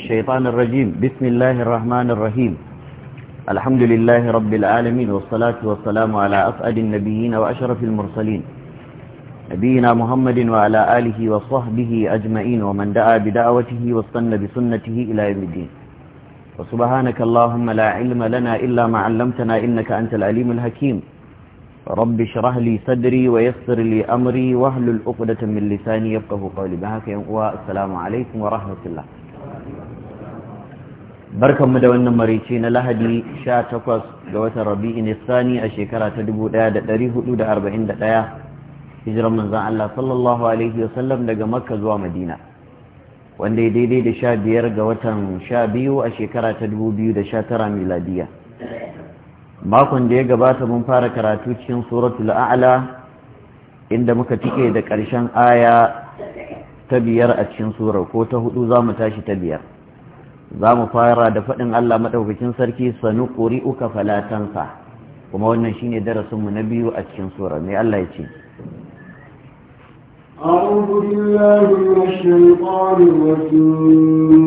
الشيطان الرجيم بسم الله الرحمن الرحيم الحمد لله رب العالمين والصلاة والسلام على أفأد النبيين وأشرف المرسلين نبينا محمد وعلى آله وصحبه أجمعين ومن دعا بدعوته واصطن بسنته إلى يوم الدين وسبحانك اللهم لا علم لنا إلا ما علمتنا إنك أنت العليم الحكيم رب اشرح لي صدري ويسر لي أمري واهلل عقدة من لساني يفقه قولي بهاك يا السلام عليكم ورحمة الله barkanmu da wannan marice na lahadi 18 ga watan rabi'in sani a shekara ta 1441 hijiran manzan Allah sallallahu alaihi wasallam daga makka zuwa madina wanda ya daidai da 15 ga watan 12 a shekara ta 2019 miladiya makon da ya gabata mun fara karatu cikin suratul a'la inda muka cike da ƙarshen aya ta biyar a cikin surar ko ta hudu za mu tashi ta biyar za mu fara da faɗin Allah maɗaukakin sarki sanu uka falatansa kuma wannan shine darasinmu na biyu a cikin sura mai Allah ya ce أعوذ بالله من الشيطان الرجيم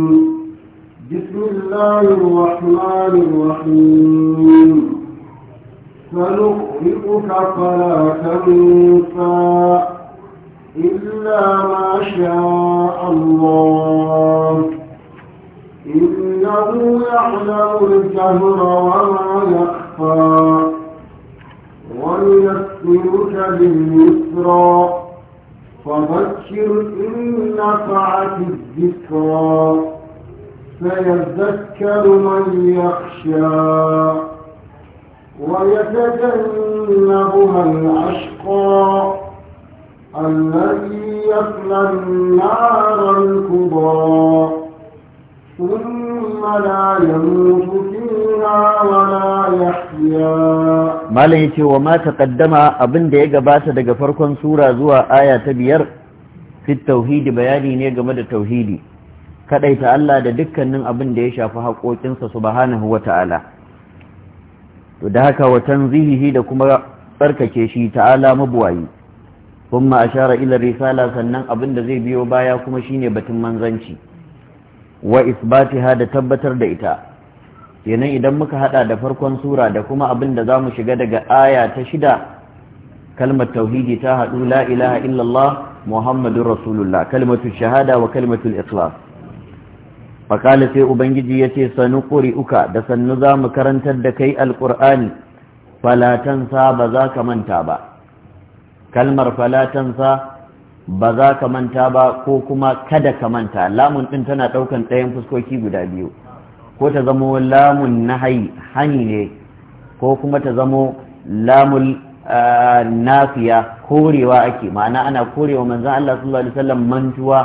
بسم الله الرحمن الرحيم سنقرئك فلا تنسى إلا ما شاء الله إنه يعلم الجهر وما يخفى ويسرك باليسرى فذكر إن نفعت الذكرى سيذكر من يخشى ويتجنبها الأشقى الذي يصلى النار الكبرى Malam ya ce wa mata kaddama abin da ya gabata daga farkon Sura zuwa aya ta biyar fit tauhidi bayani ne game da tauhidi, Kaɗai ta Allah da dukkanin abin da ya shafi haƙoƙinsa su subhanahu wa ta'ala. To da haka watan zihihi da kuma tsarkake shi ta'ala mabuwayi, kuma shara ilar risala sannan abin da zai biyo baya kuma shine batun manzanci. wa isbatiha da tabbatar da ita kenan idan muka hada da farkon sura da kuma abin da za mu shiga daga aya ta shida kalmar tauhidi ta haɗu la ilaha illallah muhammadun rasulullah kalmatu shahada wa kalmatul ikhlas fakala sai ubangiji ya ce sanu ƙuri uka da sannu za mu karantar da kai alƙur'ani falatansa ba za ka manta ba kalmar falatansa ba za ka manta ba ko kuma kada ka manta lamun ɗin tana ɗaukan ɗayan fuskoki guda biyu ko ta zamo lamun nahayi hani ne ko kuma ta zamo lamun nafiya korewa ake ma'ana ana korewa manzan Allah sallallahu alaihi wasallam mantuwa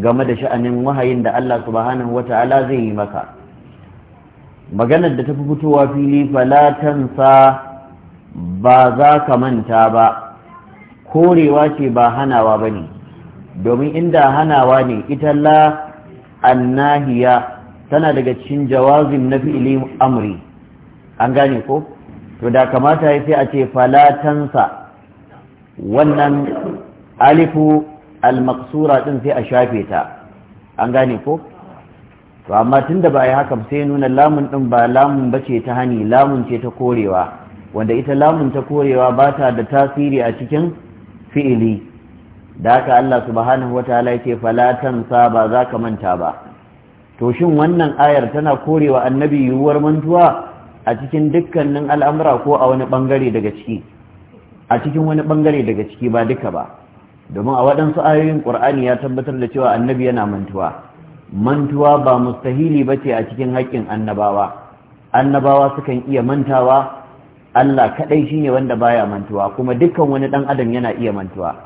game da sha'anin wahayin da Allah subhanahu wata'ala zai yi maka maganar da ta fi fitowa fili falatansa ba za ka manta ba korewa ce ba hanawa ba ne domin inda hanawa ne ita la annahiya tana daga cikin jawazin na fi'ili amri an gane ko to da kamata ya sai a ce falatansa wannan alifu almaksura din sai a shafe ta an gane ko to amma tunda ba a yi haka sai nuna lamun din ba lamun ce ta hani lamun ce ta korewa wanda ita lamun ta korewa ba ta da tasiri a cikin fi'ili da haka Allah subhanahu ta'ala yake fala sa ba za ka manta ba to shin wannan ayar tana korewa annabi yiwuwar mantuwa a cikin dukkanin al'amura ko a wani bangare daga ciki a cikin wani bangare daga ciki ba duka ba domin a waɗansu ayoyin ƙur'ani ya tabbatar da cewa annabi yana mantuwa mantuwa ba mustahili ba ce a cikin haƙƙin annabawa annabawa sukan iya mantawa Allah kaɗai shine wanda baya mantuwa kuma dukkan wani dan adam yana iya mantuwa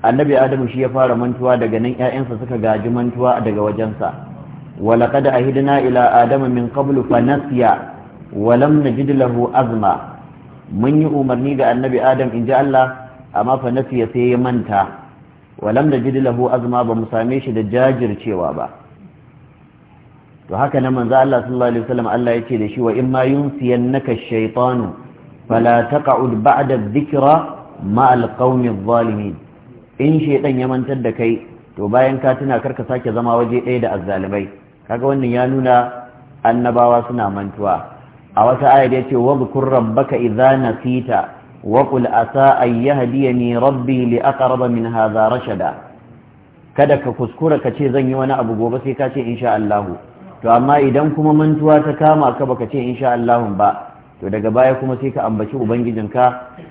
annabi adamu shi ya fara mantuwa daga nan ƴaƴansa suka gaji mantuwa daga wajensa walaqad ahidna ila adama min qablu fa nasiya wa lam najid lahu azma mun yi umarni ga annabi adam inji Allah amma fa sai ya manta wa lam najid lahu azma ba mu same shi da jajircewa ba to haka nan manzo Allah sallallahu alaihi wasallam Allah yace da shi wa in ma yunsiyannaka shaytanu فلا تقعد بعد الذكرى مع القوم الظالمين in shaidan ya mantar da kai to bayan ka tuna karka sake zama waje ɗaya da azzalibai kaga wannan ya nuna annabawa suna mantuwa a wata ayar ce, wa dhkur rabbaka idza nasita wa qul asa an yahdiyani rabbi li aqrab min hadha rashada kada ka kuskura ka ce zan yi wani abu gobe sai ka ce insha Allah to amma idan kuma mantuwa ta kama ka baka ce insha Allah ba to daga baya kuma sai ka ambaci ubangijinka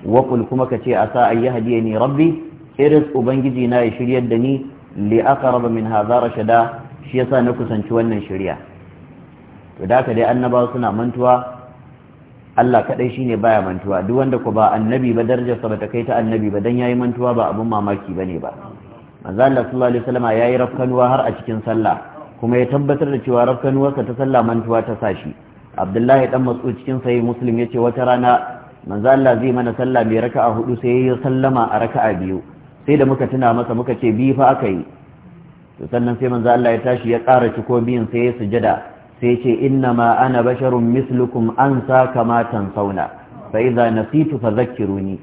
wakul kuma ka ce asa ayi hadiya ni rabbi iris ubangiji na ya shiryar da ni li raba min hadha rashada shi yasa na kusanci wannan shirya to da ka dai annabawa suna mantuwa Allah kadai shine baya mantuwa duk wanda ko ba annabi ba darajarsa ba ta kai ta annabi ba dan yayi mantuwa ba abun mamaki bane ba manzo Allah sallallahu alaihi wasallam yayi rafkanuwa har a cikin sallah kuma ya tabbatar da cewa rafkanuwarsa ta sallah mantuwa ta sashi abdullahi dan matsu cikin sai muslim yace wata rana manzo Allah zai mana sallah mai raka'a hudu sai ya sallama a raka'a biyu sai da muka tuna masa muka ce bi fa aka yi to sannan sai manzo Allah ya tashi ya ƙara ciko biyin sai ya sujada sai ce inna ma ana basharun mislukum ansa kama tansauna fa idza nasitu fadhakkiruni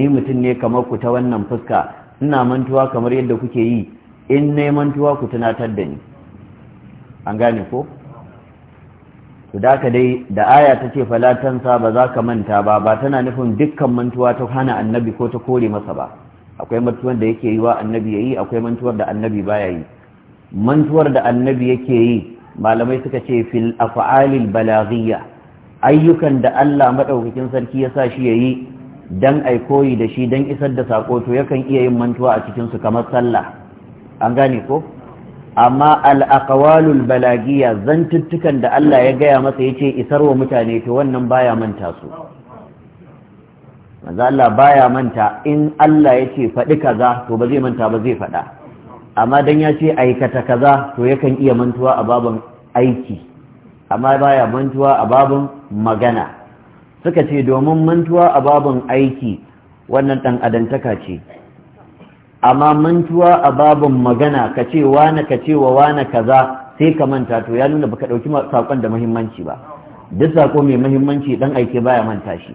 ni mutum ne kamar ku ta wannan fuska ina mantuwa kamar yadda kuke yi in ne mantuwa ku tunatar da ni an gane ko to da ka dai da aya ta ce falatansa ba za ka manta ba ba tana nufin dukkan mantuwa ta hana annabi ko ta kore masa ba akwai mantuwar da yake yi wa annabi ya yi akwai mantuwar da annabi ba ya yi mantuwar da annabi yake yi malamai suka ce fil af'alil balaghiyya ayyukan da Allah madaukakin sarki ya sa shi yi dan ai koyi da shi dan isar da sako to yakan iya yin mantuwa a cikin su kamar sallah an gane ko amma al’aƙawalul balagiya zantuttukan da Allah ya gaya masa ya ce wa mutane to wannan baya manta su maza Allah baya manta in Allah ya ce faɗi kaza to ba zai manta ba zai faɗa amma don ya ce aikata kaza to yakan iya mantuwa a babin aiki amma baya mantuwa a babin magana suka ce domin mantuwa a babin aiki wannan ɗan adantaka ce amma mantuwa a babin magana ka ce wane ka ce wa wane kaza sai ka manta to ya nuna baka ɗauki saƙon da muhimmanci ba duk saƙo mai muhimmanci dan aike baya manta shi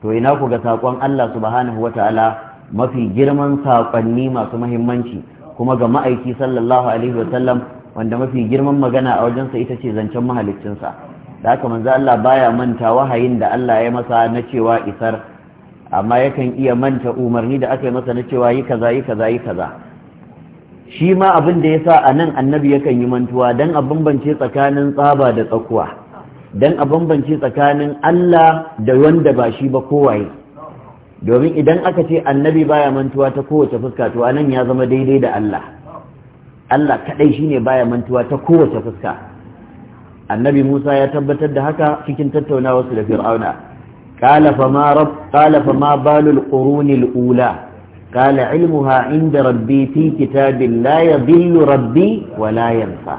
to ina ku ga saƙon Allah subhanahu wataala mafi girman saƙonni masu muhimmanci kuma ga ma'aiki sallallahu alaihi wasallam wanda mafi girman magana a wajensa ita ce zancen mahaliccinsa da haka manzo Allah baya manta wahayin da Allah ya masa na cewa isar amma yakan iya manta umarni da aka yi masa na cewa yi kaza yi kaza yi kaza shi ma abin da ya sa a nan annabi yakan yi mantuwa don a bambance tsakanin tsaba da tsakuwa don a bambance tsakanin Allah da wanda ba shi ba kowaye domin idan aka ce annabi baya mantuwa ta kowace fuska to a nan ya zama daidai da Allah Allah kaɗai shi ne baya mantuwa ta kowace fuska annabi Musa ya tabbatar da haka cikin tattaunawa su da Fir'auna قال فما رب قال فما بال القرون الأولى قال علمها عند ربي في كتاب لا يضل ربي ولا ينفع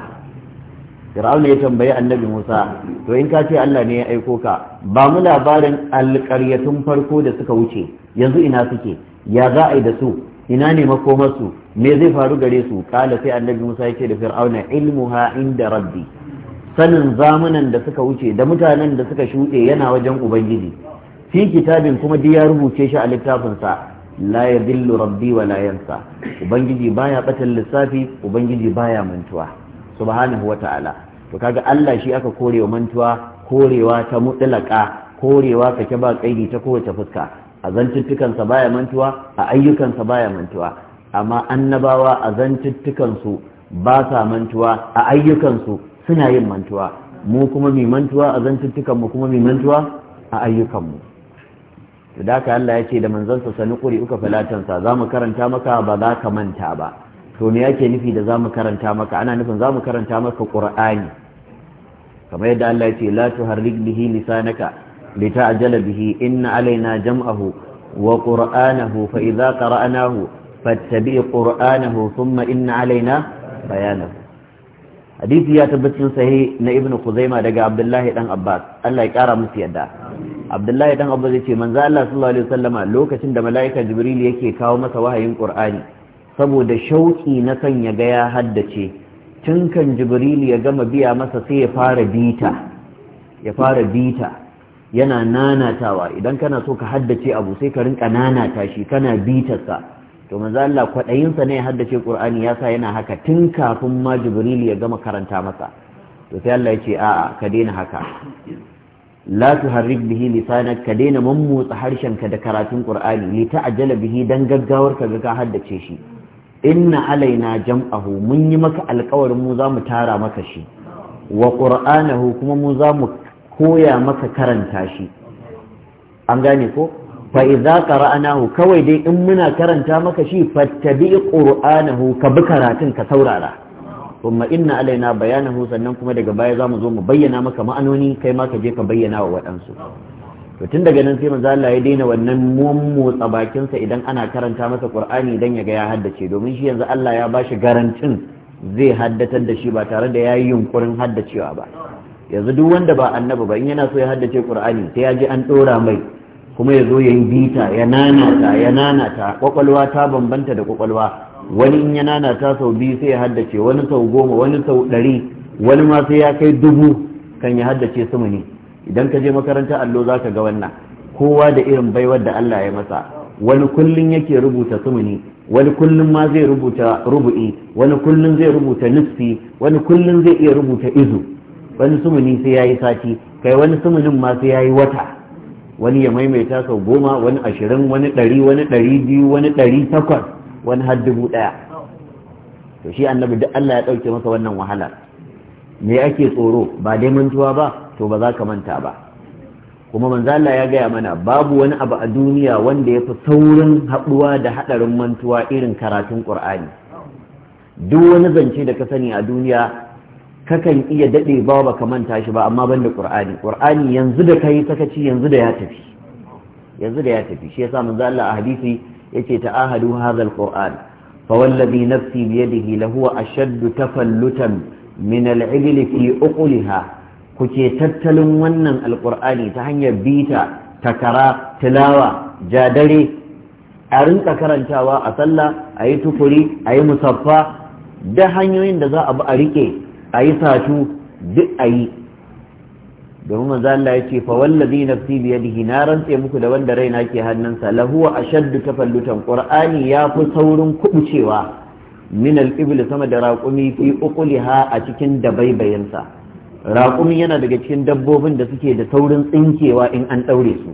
فرعون ya tambayi annabi Musa to in ka ce Allah ne ya aiko ka ba mu labarin alƙaryatun farko da suka wuce yanzu ina suke ya za a yi da su ina ne makomarsu me zai faru gare su kala sai annabi Musa ya ce da fir'auna ilmuha inda rabbi sanin zamunan da suka wuce da mutanen da suka shuɗe yana wajen ubangiji fi kitabin kuma duk ya rubuce shi a littafinsa la dillu rabbi wa la yansa ubangiji baya batal lissafi ubangiji baya mantuwa subhanahu ta'ala to kaga Allah shi aka korewa mantuwa korewa ta mutlaka korewa kake ba kaidi ta kowace fuska a zantuttukansa baya mantuwa a ayyukansa baya mantuwa amma annabawa a zantuttukansu ba sa mantuwa a ayyukansu suna yin mantuwa mu kuma mai mantuwa a zantuttukan mu kuma mai mantuwa a ayyukan mu to da ka Allah ya ce da manzansa sani kuri uka falatansa za mu karanta maka ba za ka manta ba to me yake nufi da za mu karanta maka ana nufin za mu karanta maka ƙur'ani kamar yadda Allah ya ce la tuharrik bihi lisanaka lita'jala bihi inna alaina jam'ahu wa qur'anahu fa idza qara'nahu fattabi' qur'anahu thumma inna alaina bayanahu hadisi ya tabbatar sahi na ibn Kuzaima daga Abdullahi dan Abbas Allah ya kara musu yadda Abdullahi dan Abbas ya ce manzo Allah sallallahu alaihi wasallama lokacin da malaika Jibril yake kawo masa wahayin Qur'ani saboda shauki na ya ga ya haddace tun kan Jibril ya gama biya masa sai ya fara bita ya fara bita yana nanatawa idan kana so ka haddace abu sai ka rinka nanata shi kana bitarsa to manzo Allah sa ne ya haddace Qur'ani ya sa yana haka tun kafin ma Jibril ya gama karanta masa to sai Allah ya ce a'a ka daina haka la tuharrik bihi lisanak ka daina mammotsa ka da karatun Qur'ani li ta'ajjala bihi dan gaggawar ka ga ka haddace shi inna alaina jam'ahu mun yi maka alƙawarin mu zamu tara maka shi wa qur'anahu kuma mu zamu koya maka karanta shi an gane ko fa idza qara'nahu kawai dai in muna karanta maka shi fattabi qur'anahu ka bi karatun ka saurara kuma inna alaina bayanahu sannan kuma daga baya zamu zo mu bayyana maka ma'anoni kai ma ka je ka bayyana wa wadansu. to tun daga nan sai manzo Allah ya daina wannan mummotsa bakin sa idan ana karanta masa Qur'ani dan ya ga ya haddace domin shi yanzu Allah ya bashi garantin zai haddatar da shi ba tare da yayi yunkurin haddacewa ba yanzu duk wanda ba annabi ba in yana so ya haddace Qur'ani sai ya ji an dora mai kuma ya zo ya yi bita ya nanata ya nanata kwakwalwa ta bambanta da kwakwalwa wani in ya nanata sau biyu sai ya haddace wani sau goma wani sau ɗari wani ma sai ya kai dubu kan ya haddace su ne idan ka je makaranta allo za ka ga wannan kowa da irin baiwar da Allah ya masa wani kullum yake rubuta sumuni wani kullum ma zai rubuta rubu'i wani kullum zai rubuta nufi wani kullum zai iya rubuta izu wani sumuni sai ya yi sati kai wani sumunin ma sai yi wata wani ya maimaita sau goma wani ashirin wani ɗari wani ɗari biyu wani ɗari takwas wani har dubu ɗaya to shi annabi duk Allah ya ɗauke masa wannan wahala me ake tsoro ba dai mantuwa ba to ba za ka manta ba kuma manzo Allah ya gaya mana babu wani abu a duniya wanda ya fi saurin haɗuwa da haɗarin mantuwa irin karatun Qur'ani duk wani zance da ka sani a duniya kakan iya daɗe ba ba ka manta shi ba amma ban da ƙur'ani ƙur'ani yanzu da ka yi sakaci yanzu da ya tafi yanzu da ya tafi shi yasa manzo Allah a hadisi yace ta'ahadu hadha alquran fa wallazi nafsi bi yadihi lahuwa ashaddu tafallutan min al'ibli fi uqliha kuke tattalin wannan alqur'ani ta hanyar bita takara tilawa jadare a rinka karantawa a sallah a yi tukuri a yi musaffa da hanyoyin da za a bi a rike a yi satu duk a yi domin manzo Allah ya ce fa wallazi nafsi bi yadihi na rantse muku da wanda raina ke hannunsa lahu ashaddu tafallutan qur'ani ya fi saurin kubucewa min al-ibli sama da raqumi fi uquliha a cikin dabaibayinsa raqumi yana daga cikin dabbobin da suke da saurin tsinkewa in an daure su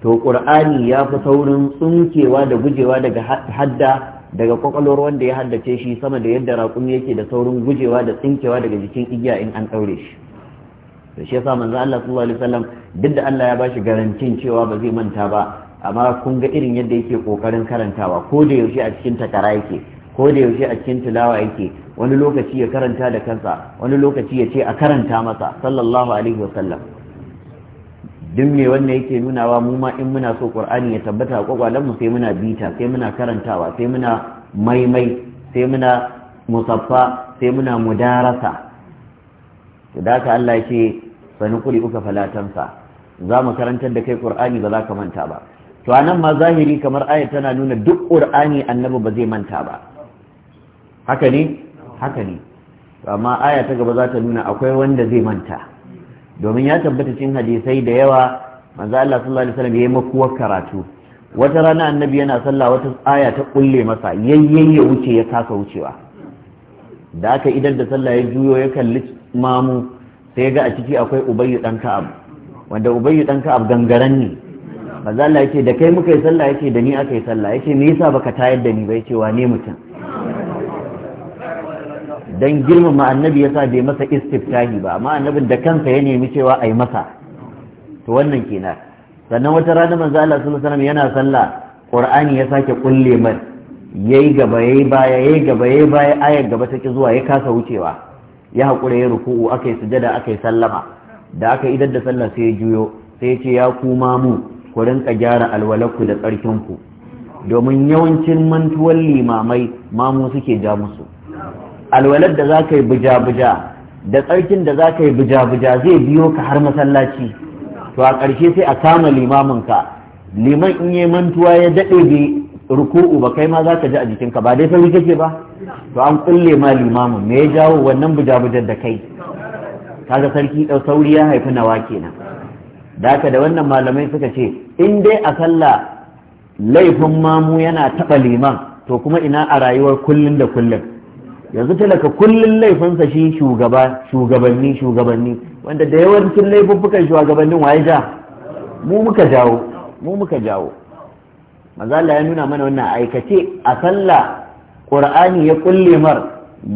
to qur'ani ya fi saurin tsinkewa da gujewa daga hadda daga kwakwalwar wanda ya haddace shi sama da yadda raƙumi yake da saurin gujewa da tsinkewa daga jikin igiya in an ɗaure shi da shi yasa manzo Allah sallallahu alaihi wasallam duk da Allah ya ba shi garancin cewa ba zai manta ba amma kun ga irin yadda yake kokarin karantawa ko da yaushe a cikin takara yake ko da yaushe a cikin tilawa yake wani lokaci ya karanta da kansa wani lokaci ya ce a karanta masa sallallahu alaihi wasallam duk me wanda yake nunawa mu ma in muna so qur'ani ya tabbata a kwakwalen mu sai muna bita sai muna karantawa sai muna maimai sai muna musaffa sai muna mudarasa to da ka Allah yake sani kuri uka falatansa za mu karantar da kai qur'ani ba za ka manta ba to anan ma zahiri kamar ayat tana nuna duk qur'ani annabi ba zai manta ba haka ne haka ne amma aya ta gaba za ta nuna akwai wanda zai manta domin ya tabbata cin hadisai da yawa manzo Allah sallallahu alaihi wasallam yayi makuwar karatu wata rana annabi yana sallah wata aya ta kulle masa yayyen ya wuce ya kasa wucewa da aka idan da sallah ya juyo ya kalli mamu sai ga a ciki akwai ubayyu dan ka'ab wanda ubayyu dan ka'ab gangaran ne manzo Allah yake da kai muka yi sallah yake da ni aka yi sallah yake me yasa baka tayar da ni ba yake ne mutum dan girmama annabi ya sa bai masa istiftahi ba amma annabin da kansa ya nemi cewa ai masa to wannan kenan sannan wata rana manzo Allah sallallahu alaihi wasallam yana sallah Qur'ani ya sake kulle mai yayi gaba yayi baya yayi gaba yayi baya ayar gaba ta zuwa ya kasa wucewa ya hakura ya ruku'u akai sujada akai sallama da aka idan da sallah sai ya juyo sai ya ce ya kuma mu ku rinka gyara alwalaku da ku domin yawancin mantuwan limamai mamu suke ja musu alwalar da za ka yi buja-buja da tsarkin da za ka yi buja-buja zai biyo ka har masallaci to a ƙarshe sai a kama limamin ka liman in yi mantuwa ya daɗe bi ruku'u ba kai ma za ka ji a jikinka ba dai sauri kake ba to an kulle ma limamin me ya jawo wannan buja-bujar da kai kaga sarki ɗau sauri ya haifi nawa kenan da da wannan malamai suka ce in dai a sallah laifin mamu yana taɓa liman to kuma ina a rayuwar kullum da kullum yanzu talaka kullum laifinsa shi shugaba shugabanni shugabanni wanda da yawancin laifuffukan shugabannin waye ja mu muka jawo mu muka jawo mazala ya nuna mana wannan aikace a sallah qur'ani ya kulle mar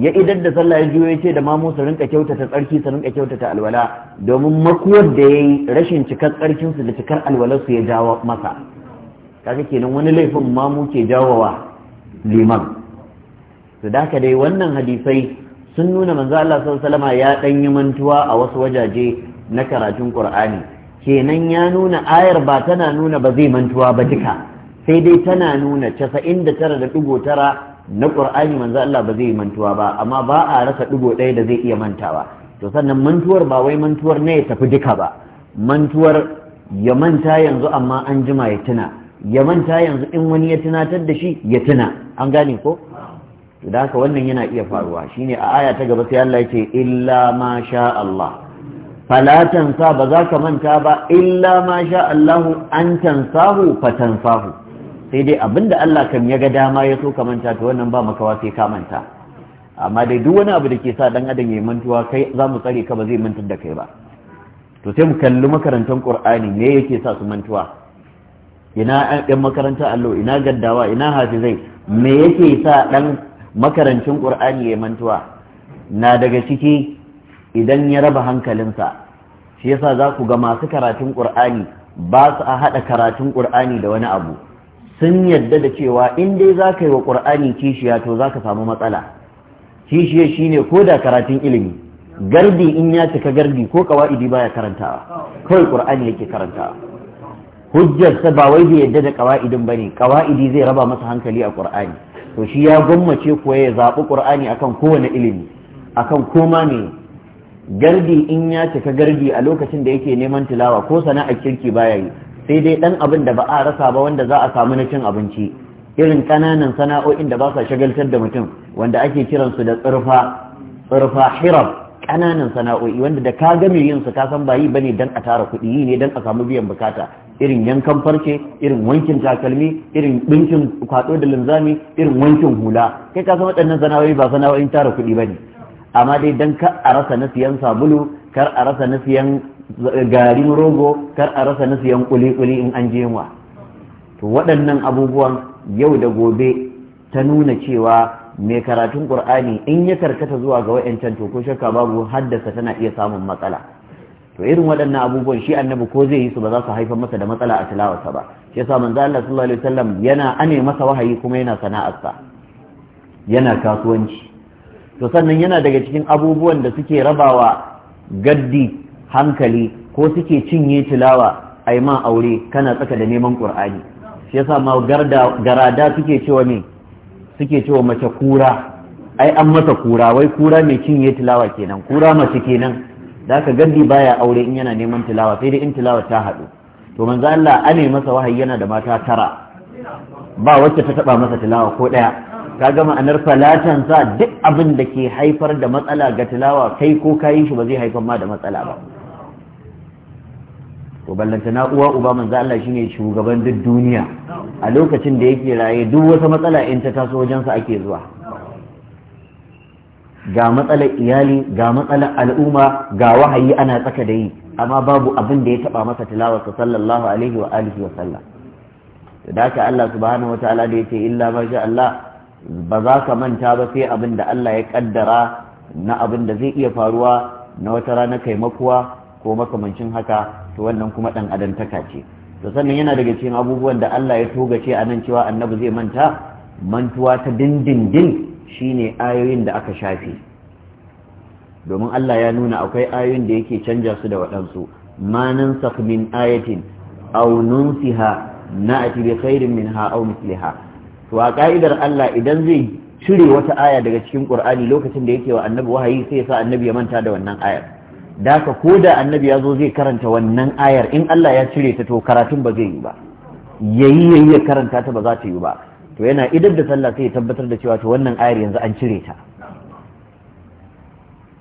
ya idar da sallah ya juyo ce da mamu su rinka kyautata tsarki su rinka kyautata alwala domin makuwar da yayi rashin cikar tsarkin su da cikar alwalar su ya jawo masa kaga kenan wani laifin mamu ke jawowa liman to da dai wannan hadisai sun nuna manzo Allah sallallahu ya dan yi mantuwa a wasu wajaje na karatun Qur'ani kenan ya nuna ayar ba tana nuna ba zai mantuwa ba duka sai dai tana nuna 99.9 na Qur'ani manzo Allah ba zai mantuwa ba amma ba a rasa digo ɗaya da zai iya mantawa to sannan mantuwar ba wai mantuwar ne ya tafi duka ba mantuwar ya manta yanzu amma an jima ya tuna ya manta yanzu in wani ya tunatar da shi ya tuna an gane ko to da haka wannan yana iya faruwa shine a aya ta gaba sai Allah yake illa ma sha Allah fala tansa ba za ka manta ba illa ma sha Allah an tansahu fa tansahu sai dai abinda Allah kan ya ga dama ya so ka manta to wannan ba makawa sai ka manta amma dai duk wani abu da ke sa dan adam ya mantuwa kai za mu tsare ka ba zai mantar da kai ba to sai mu kalli makarantar qur'ani me yake sa su mantuwa ina yan makaranta allo ina gaddawa ina hafizai me yake sa ɗan? makarancin ƙur'ani ya mantuwa na daga ciki idan ya raba hankalinsa shi yasa za ku ga masu karatun ƙur'ani ba su a haɗa karatun ƙur'ani da wani abu sun yadda da cewa in dai za ka yi wa ƙur'ani kishiya to za ka samu matsala kishiya ne ko da karatun ilimi gardi in ya cika gardi ko kawa'idi baya karantawa kawai ƙur'ani yake karantawa hujjarsa ba wai bai yadda da kawa'idin ne, kawa'idi zai raba masa hankali a ƙur'ani to shi ya gwammace kuwa ya zaɓi ƙur'ani akan kowane ilimi akan koma ne gardi in ya cika gardi a lokacin da yake neman tilawa ko sana'ar kirki baya yi sai dai ɗan abin da ba a rasa ba wanda za a samu na cin abinci irin ƙananan sana'o'in da ba sa shagaltar da mutum wanda ake kiransu da tsirfa tsirfa ƙananan sana'o'i wanda da ka ga mai yin su ka ba yi bane dan a tara kuɗi yi ne dan a samu biyan bukata irin yankan farce irin wankin takalmi irin ɗinkin kwaɗo da linzami irin wankin hula kai ka san waɗannan sana'o'i ba sana'o'in tara kuɗi bane amma dai dan kar a rasa na siyan sabulu kar a rasa na siyan garin rogo kar a rasa na siyan kuli-kuli in an je to waɗannan abubuwan yau da gobe ta nuna cewa mai karatun ƙur'ani in ya karkata zuwa ga wayancan to ko shakka babu haddasa tana iya samun matsala to irin waɗannan abubuwan shi annabi ko zai yi su ba za su haifar masa da matsala a tilawarsa ba shi yasa manzo Allah sallallahu alaihi wasallam yana ane masa wahayi kuma yana sana'arsa yana kasuwanci to sannan yana daga cikin abubuwan da suke rabawa gaddi hankali ko suke cinye tilawa ai ma aure kana tsaka da neman qur'ani shi yasa ma garada suke cewa ne suke cewa mace kura ai an masa kura wai kura mai cinye tilawa kenan kura mace kenan da ka gandi baya aure in yana neman tilawa sai dai in tilawa ta haɗu to manzo Allah ne masa wahayi yana da mata tara ba wacce ta taba masa tilawa ko daya ka gama anar falatan sa duk abin da ke haifar da matsala ga tilawa kai ko kayi shi ba zai haifar ma da matsala ba to ballanta na uwa uba manzo Allah shine shugaban duk duniya a lokacin da yake raye duk wata matsala in ta taso sa ake zuwa ga matsalar iyali ga matsalar al'umma ga wahayi ana tsaka da yi amma babu abin da ya taba masa tilawarsa sallallahu alaihi wa alihi wa sallam da haka Allah subhanahu wa da yace illa ma sha Allah ba za ka manta ba sai abin da Allah ya kaddara na abin da zai iya faruwa na wata rana kai makuwa ko makamancin haka to wannan kuma dan adantaka ce to sannan yana daga cikin abubuwan da Allah ya togace a nan cewa annabi zai manta mantuwa ta dindindin shine ayoyin da aka shafe domin Allah ya nuna akwai ayoyin da yake canja su da waɗansu manan min ayatin aw nunsiha na'ti bi khairin minha aw misliha to a ka'idar Allah idan zai cire wata aya daga cikin Qur'ani lokacin da yake wa annabi wahayi sai ya sa annabi ya manta da wannan ayar daka ko da annabi ya zo zai karanta wannan ayar in Allah ya cire ta to karatun ba zai yi ba yayi yayi ya karanta ta ba za ta yi ba to yana idan da sallah sai ya tabbatar da cewa to wannan ayar yanzu an cire ta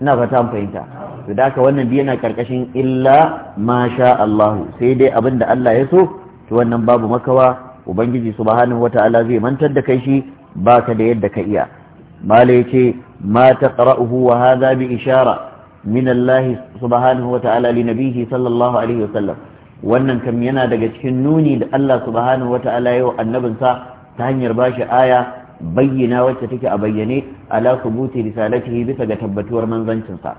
ina fata ta fahimta to daka wannan bi yana karkashin illa ma sha Allah sai dai abin da Allah ya so to wannan babu makawa ubangiji subhanahu wataala zai mantar da kai shi baka da yadda ka iya mala yace ma taqra'uhu wa hadha bi ishara minallahi Allah subhanahu wa ta'ala li nabihi sallallahu alaihi wa sallam wannan kam yana daga cikin nuni da Allah subhanahu wa ta'ala yau annabinsa ta hanyar bashi aya bayyana wacce take a bayyane ala subuti risalatihi bisa ga tabbatuwar manzancinsa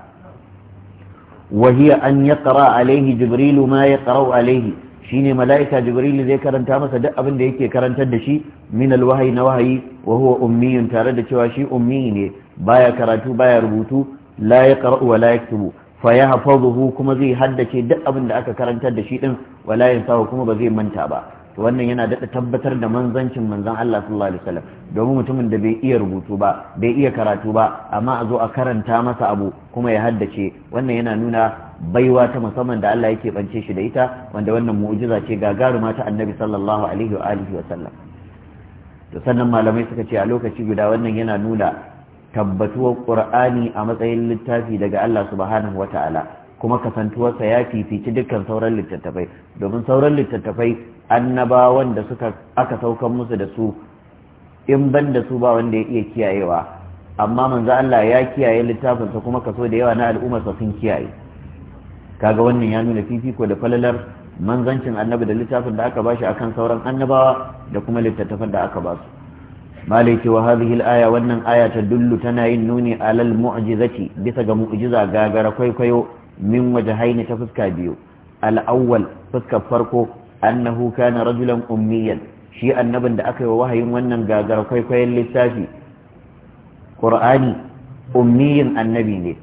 wa hiya an yaqra alaihi jibrilu ma yaqra alaihi shine mala'ika jibrilu zai karanta masa duk abin da yake karantar da shi min alwahyi na wahayi wa huwa ummiyun tare da cewa shi ummi ne baya karatu baya rubutu la yaqra'u wa la yaktubu fa yahfazuhu kuma zai haddace duk abin da aka karantar da shi din wala yansahu kuma ba zai manta ba to wannan yana daɗa tabbatar da manzancin manzan Allah sallallahu alaihi wasallam domin mutumin da bai iya rubutu ba bai iya karatu ba amma a zo a karanta masa abu kuma ya haddace wannan yana nuna baiwa ta musamman da Allah yake bance shi da ita wanda wannan mu'jiza ce gagaruma ta Annabi sallallahu alaihi wa alihi to sannan malamai suka ce a lokaci guda wannan yana nuna tabbatuwar qur'ani a matsayin littafi daga Allah subhanahu wata'ala kuma kasantuwarsa ya fifici dukkan sauran littattafai domin sauran littattafai annabawan da suka aka saukan musu da su in ban da su ba wanda ya iya kiyayewa amma manzo Allah ya kiyaye littafinsa kuma kaso da yawa na al'ummarsa sun kiyaye kaga wannan ya nuna fifiko da falalar manzancin annabi da littafin da aka bashi akan sauran annabawa da kuma littattafan da aka basu malaki wa hadhihi al-aya wannan aya ta dullu tana yin nuni alal mu'jizati bisa ga mu'jiza gagara kwaikwayo min wajhaini ta fuska biyu al-awwal fuskar farko annahu kana rajulan ummiyan shi annabin da aka yi wa wahayin wannan gagara kwaikwayon lissafi qur'ani ummiyin annabi ne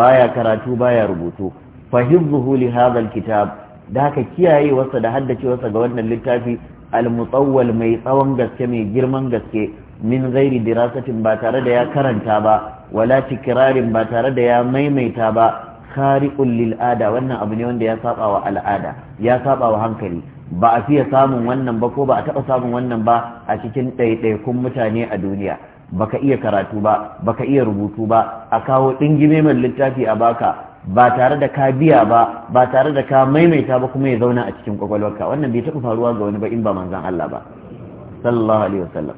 baya karatu baya rubutu fahimzuhu li hadha al-kitab da haka kiyayewarsa da haddacewarsa ga wannan littafi almutsawwal mai tsawon gaske mai girman gaske min zairi dirasatin ba tare da ya karanta ba wala tikrarin ba tare da ya maimaita ba khariqul lil ada wannan abu ne wanda ya saba wa al'ada ya saba wa hankali ba a fiye samun wannan ba ko ba a taɓa samun wannan ba a cikin ɗaiɗaikun mutane a duniya baka iya karatu ba baka iya rubutu ba a kawo ɗingime mai littafi a baka ba tare da ka biya ba ba tare da ka maimaita ba kuma ya zauna a cikin kwakwalwarka wannan bai taɓa faruwa ga wani ba in ba manzan Allah ba sallallahu alaihi wasallam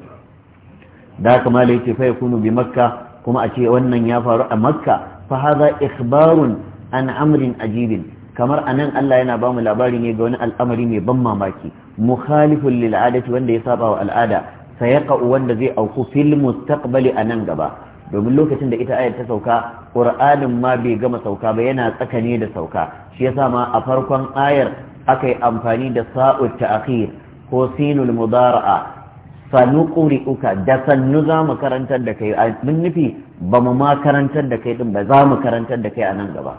da haka malai ce fa yakunu bi makka kuma a ce wannan ya faru a makka fa hadha ikhbarun an amrin ajibin kamar anan Allah yana ba mu labari ne ga wani al'amari mai ban mamaki mukhalifun lil adati wanda ya saba wa al'ada sayaqa'u wanda zai auku fil mustaqbali anan gaba domin lokacin da ita ayar ta sauka qur'anin ma bai gama sauka ba yana tsakane da sauka shi yasa ma a farkon ayar aka yi amfani da sa'ut ta'khir ko sinul mudara'a sanukuri uka da sannu za mu karantar da kai mun nufi ba mu ma karantar da kai din ba za mu karantar da kai a nan gaba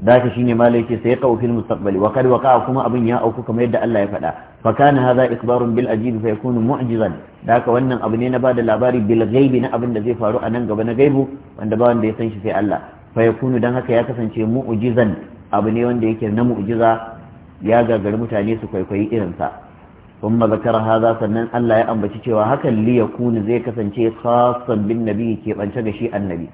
da shi ne malai ke sai kawo fil mustaqbali wa kad waqa'a kuma abin ya auku kamar yadda Allah ya faɗa fa kana hadha ikbarun bil ajib fa yakunu mu'jizan da ka wannan abu ne na bada labari bil ghaibi na abin da zai faru a nan gaba na gaibu wanda ba wanda ya san shi sai Allah fa yakunu dan haka ya kasance mu'jizan abu ne wanda yake na mu'jiza ya gagari mutane su kwaikwayi irin sa ثم ذكر هذا سنن Allah ya ambaci cewa hakan li yakunu zai kasance khassan bin nabi ke bance ga shi annabi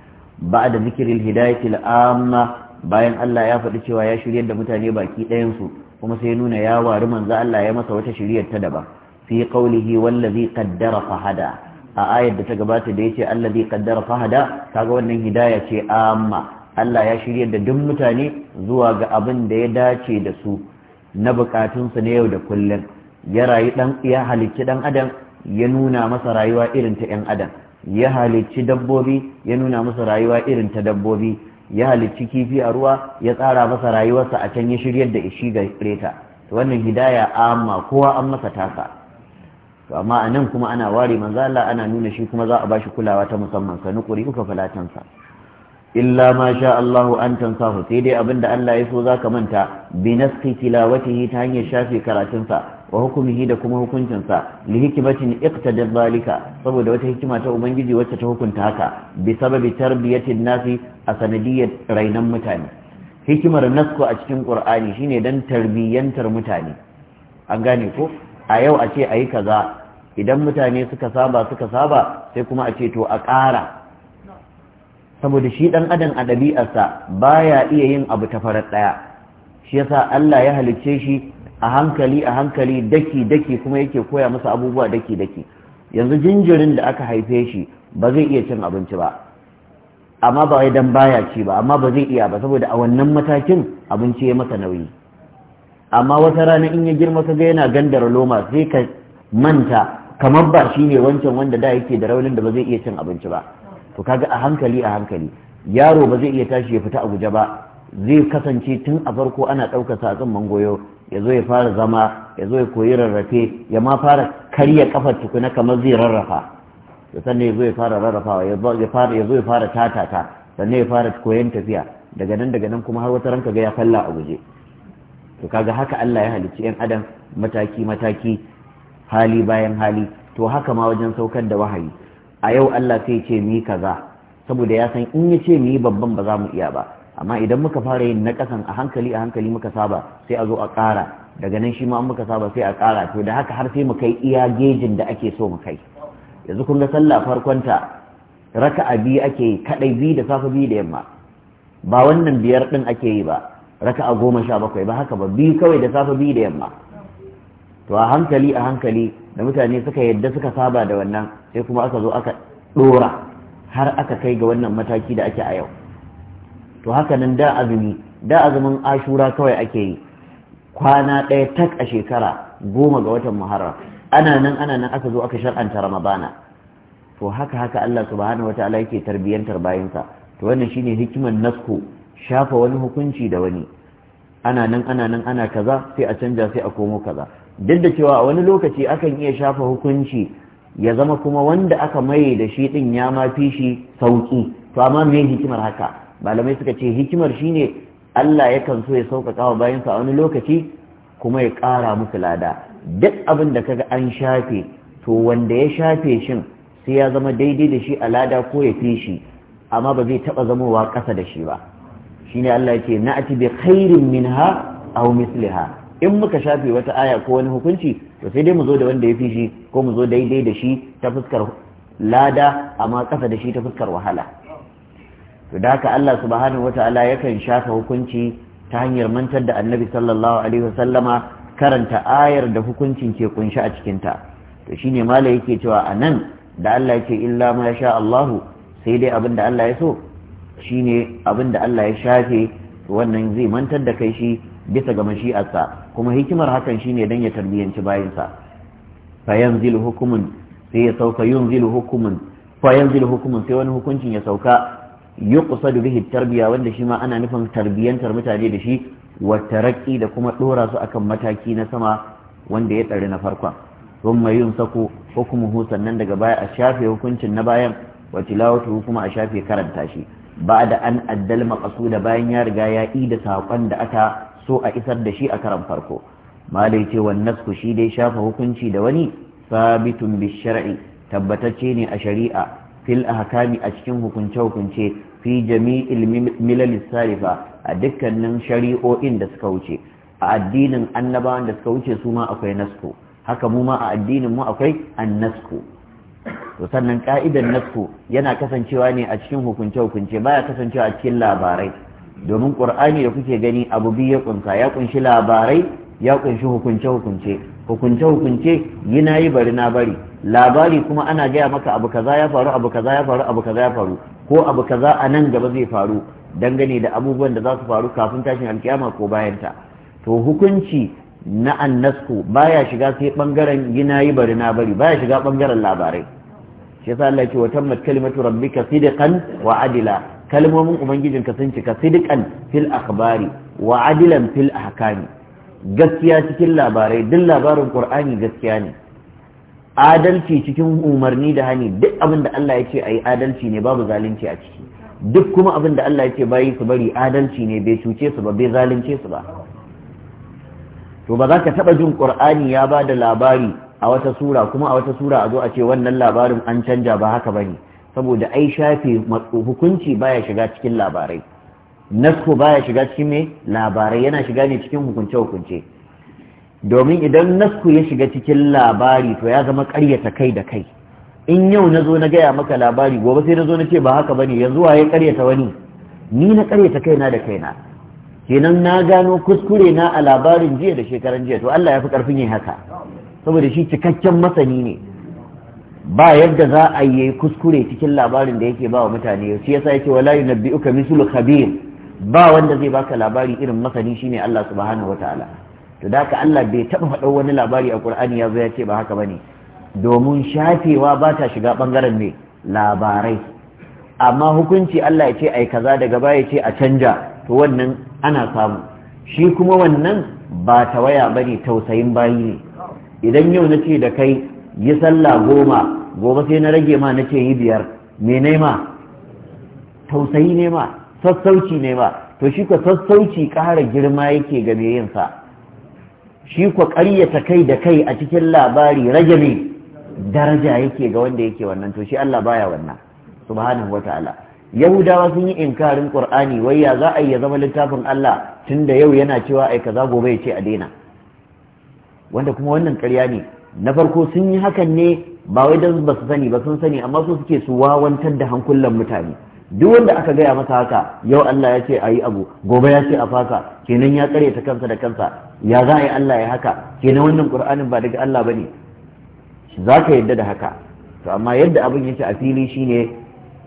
ba'da zikril hidayati al'amma bayan Allah ya faɗi cewa ya shiryar da mutane baki ɗayansu, kuma sai nuna ya wari manzo Allah ya masa wata shiryar ta daban fi qawlihi wallazi qaddara fahada a ayar da ta gabata da yace allazi qaddara fahada kaga wannan hidaya ce amma Allah ya shiryar da duk mutane zuwa ga abin da ya dace da su na bukatunsu na yau da kullum ya rayu dan ya halicci ɗan adam ya nuna masa rayuwa irin ta yan adam ya halicci dabbobi ya nuna masa rayuwa irin ta dabbobi ya halicci kifi a ruwa ya tsara masa rayuwarsa a can ya shirya da ishi ga reta wannan hidaya amma kowa an masa tasa to amma a nan kuma ana ware manzo Allah ana nuna shi kuma za a ba shi kulawa ta musamman sanu ka kuka falatansa illa ma sha Allah an tansahu sai dai abinda Allah ya so zaka manta bi nasqi tilawatihi ta hanyar shafi sa. wa hukumihi da kuma hukuncinsa li hikmatin iqtada zalika saboda wata hikima ta ubangiji wacce ta hukunta haka bi sababi tarbiyatin nasi a sanadiyyar rainan mutane hikimar nasko a cikin qur'ani shine dan tarbiyantar mutane an gane ko a yau a ce ayi kaza idan mutane suka saba suka saba sai kuma a ce to a ƙara saboda shi dan adam a ɗabi'arsa baya iya yin abu ta farar ɗaya shi yasa Allah ya halicce shi a hankali a hankali daki daki kuma yake koya masa abubuwa daki daki yanzu jinjirin da aka haife shi ba zai iya cin abinci ba amma ba wai dan baya ci ba amma ba zai iya ba saboda a wannan matakin abinci ya masa nauyi amma wata rana in ya girma kaga yana gandar loma sai ka manta kamar ba shi ne wancan wanda da yake da raunin da ba zai iya cin abinci ba to kaga a hankali a hankali yaro ba zai iya tashi ya fita a guje ba zai kasance tun a farko ana ɗaukar sa a tsimman goyo ya zo ya fara zama ya zo ya koyi rarrafe ya ma fara karya kafar tukuna kamar zai rarrafa da sannan ya zo ya fara rarrafawa ya zo ya fara tatata sannan ya fara koyon tafiya daga nan daga nan kuma har wata ranka ga ya falla a guje to kaga haka Allah ya halicci yan adam mataki mataki hali bayan hali to haka ma wajen saukar da wahayi a yau Allah sai ce mu kaza saboda ya san in ya ce mu babban ba za mu iya ba amma idan muka fara yin na kasan a hankali a hankali muka saba sai a zo a ƙara daga nan shi ma muka saba sai a ƙara to da haka har sai mu kai iya gejin da ake so mu kai yanzu kun ga sallah farkonta raka'a biyu ake yi kadai biyu da safe biyu da yamma ba wannan biyar din ake yi ba raka'a goma sha bakwai ba haka ba biyu kawai da safe biyu da yamma to a hankali a hankali da mutane suka yadda suka saba da wannan sai kuma aka zo aka ɗora har aka kai ga wannan mataki da ake a yau to haka nan da azumi da azumin ashura kawai ake yi kwana ɗaya tak a shekara goma ga watan muharram ana nan ana nan aka zo aka shar'anta ramadana to haka haka Allah subhanahu wataala yake tarbiyantar bayinsa. to wannan shine hikimar nasko shafa wani hukunci da wani ana nan ana nan ana kaza sai a canja sai a komo kaza duk da cewa a wani lokaci akan iya shafa hukunci ya zama kuma wanda aka maye da shi din ya ma fi shi sauki to amma me hikimar haka malamai suka ce hikimar shine Allah yakan so ya sauƙaƙa wa bayan sa, wani lokaci kuma ya ƙara musu lada duk abin da kaga an shafe to wanda ya shafe shin sai ya zama daidai da shi a lada ko ya fi shi amma ba zai taɓa zamowa ƙasa da shi ba shine Allah ya ce na'ati bi khairin minha aw misliha in muka shafe wata aya ko wani hukunci to sai dai mu zo da wanda ya fi shi ko mu zo daidai da shi ta fuskar lada amma ƙasa da shi ta fuskar wahala to da haka Allah subhanahu wa ta'ala yakan shafa hukunci ta hanyar mantar da annabi sallallahu alaihi wasallama karanta ayar da hukuncin ke kunshi a cikinta to shine mala yake cewa a nan da Allah yake illa ma sha Allahu sai dai abin da Allah ya so shine abin da Allah ya shafe wannan zai mantar da kai shi bisa ga mashi'arsa kuma hikimar hakan shine dan ya tarbiyanci bayinsa fa yanzilu hukumun sai ya sauka yunzilu hukumun fa yanzilu hukumun sai wani hukuncin ya sauka kusa yuqsadu bihi tarbiya wanda shi ma ana nufin tarbiyyantar mutane da shi wata raki da kuma dora su akan mataki na sama wanda ya tsare na farkon thumma yunsaku hukmuhu sannan daga baya a shafe hukuncin na bayan wa tilawatu kuma a shafe karanta shi Ba da an addal da bayan ya riga ya yi da sakon da aka so a isar da shi a karan farko malai ce wan nasku shi dai shafa hukunci da wani sabitun bi shar'i ne a shari'a fil hakami a cikin hukunce hukunce fi jami'il milal salifa a dukkanin shari'o'in da suka wuce a addinin annabawan da suka wuce su ma akwai nasku haka mu ma a addinin mu akwai annasku to sannan ka'idar nasku yana kasancewa ne a cikin hukunce hukunce baya kasancewa a cikin labarai domin qur'ani da kuke gani abu biyu ya kunsa ya kunshi labarai ya kunshi hukunce hukunce hukunce hukunce yi na yi bari na bari labari kuma ana gaya maka abu kaza ya faru abu kaza ya faru abu kaza ya faru ko abu kaza a nan gaba zai faru dangane da abubuwan da za su faru kafin tashin alkiyama ko bayanta to hukunci na annasku baya shiga sai bangaren gina yi bari na bari baya shiga bangaren labarai shi yasa Allah ya ce wa tammat kalimatu rabbika sidqan wa adila kalmomin ubangijinka sun cika sidqan fil akhbari wa adilan fil ahkami gaskiya cikin labarai duk labarin qur'ani gaskiya ne adalci cikin umarni da hani duk abin da Allah ya ce a adalci ne babu zalunci a ciki duk kuma abin da Allah ya ce bayi su bari adalci ne bai cuce su ba bai zalunce su ba to ba za ka taɓa jin ƙur'ani ya ba da labari a wata sura kuma a wata sura a zo a ce wannan labarin an canja ba haka bane saboda ai shafe hukunci baya shiga cikin labarai nasko baya shiga cikin me labarai yana shiga ne cikin hukunce hukunce domin idan nasku ya shiga cikin labari to ya zama karyata kai da kai in yau na zo na gaya maka labari gobe sai na zo na ce ba haka bane yanzu waye karyata wani ni na kai kaina da kaina kenan na gano kuskure na a labarin jiya da shekaran jiya to Allah ya fi karfin yin haka saboda shi cikakken masani ne ba yadda za a yi kuskure cikin labarin da yake ba wa mutane shi yasa yake wala yunabbi'uka mislu khabir ba wanda zai baka labari irin masani shine Allah subhanahu wataala to da ka Allah bai taɓa faɗo wani labari a Qur'ani ya zo ya ce ba haka bane domin shafewa ba ta shiga ɓangaren ne labarai amma hukunci Allah ya ce ai kaza daga baya ya ce a canja to wannan ana samu shi kuma wannan ba ta waya bane tausayin bayi ne idan yau na ce da kai yi sallah goma gobe sai na rage ma na ce yi biyar me nema tausayi nema sassauci nema to shi ka sassauci ƙara girma yake ga mai yin sa shi ko ƙaryata kai da kai a cikin labari rage ne daraja yake ga wanda yake wannan to shi Allah baya wannan subhanahu wata'ala yahudawa sun yi inkarin qur'ani wai ya za a yi zama littafin Allah tunda yau yana cewa ai kaza gobe ya ce a daina wanda kuma wannan ƙarya ne na farko sun yi hakan ne ba wai dan ba su sani ba sun sani amma su suke su wawantar da hankulan mutane duk wanda aka gaya masa haka yau Allah ya ce a yi abu gobe ya ce a faka kenan ya karyata kansa da kansa ya za a yi Allah ya haka na wannan ƙur'anin ba daga Allah ba ne? za ka yadda da haka to amma yadda abin yake a fili shine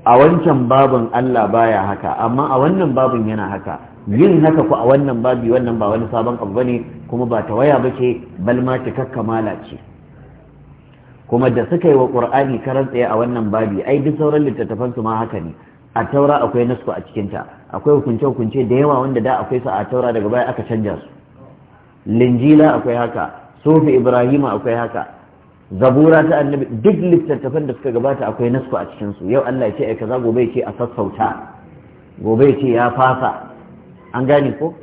a wancan babin Allah baya haka amma a wannan babin yana haka yin haka ku a wannan babi wannan ba wani sabon abu bane kuma ba ta waya bace bal ma ka mala ce kuma da suka yi wa qur'ani karan tsaye a wannan babi ai duk sauran littattafan su ma haka ne a taura akwai nasku a cikinta akwai hukunce hukunce da yawa wanda da akwai su a taura daga baya aka canja su linjila akwai haka sufi ibrahima akwai haka zabura ta annabi duk littattafan da suka gabata akwai nasku a cikin su yau Allah ya ce ai kaza gobe ya ce a sassauta gobe ya ce ya fasa an gane ko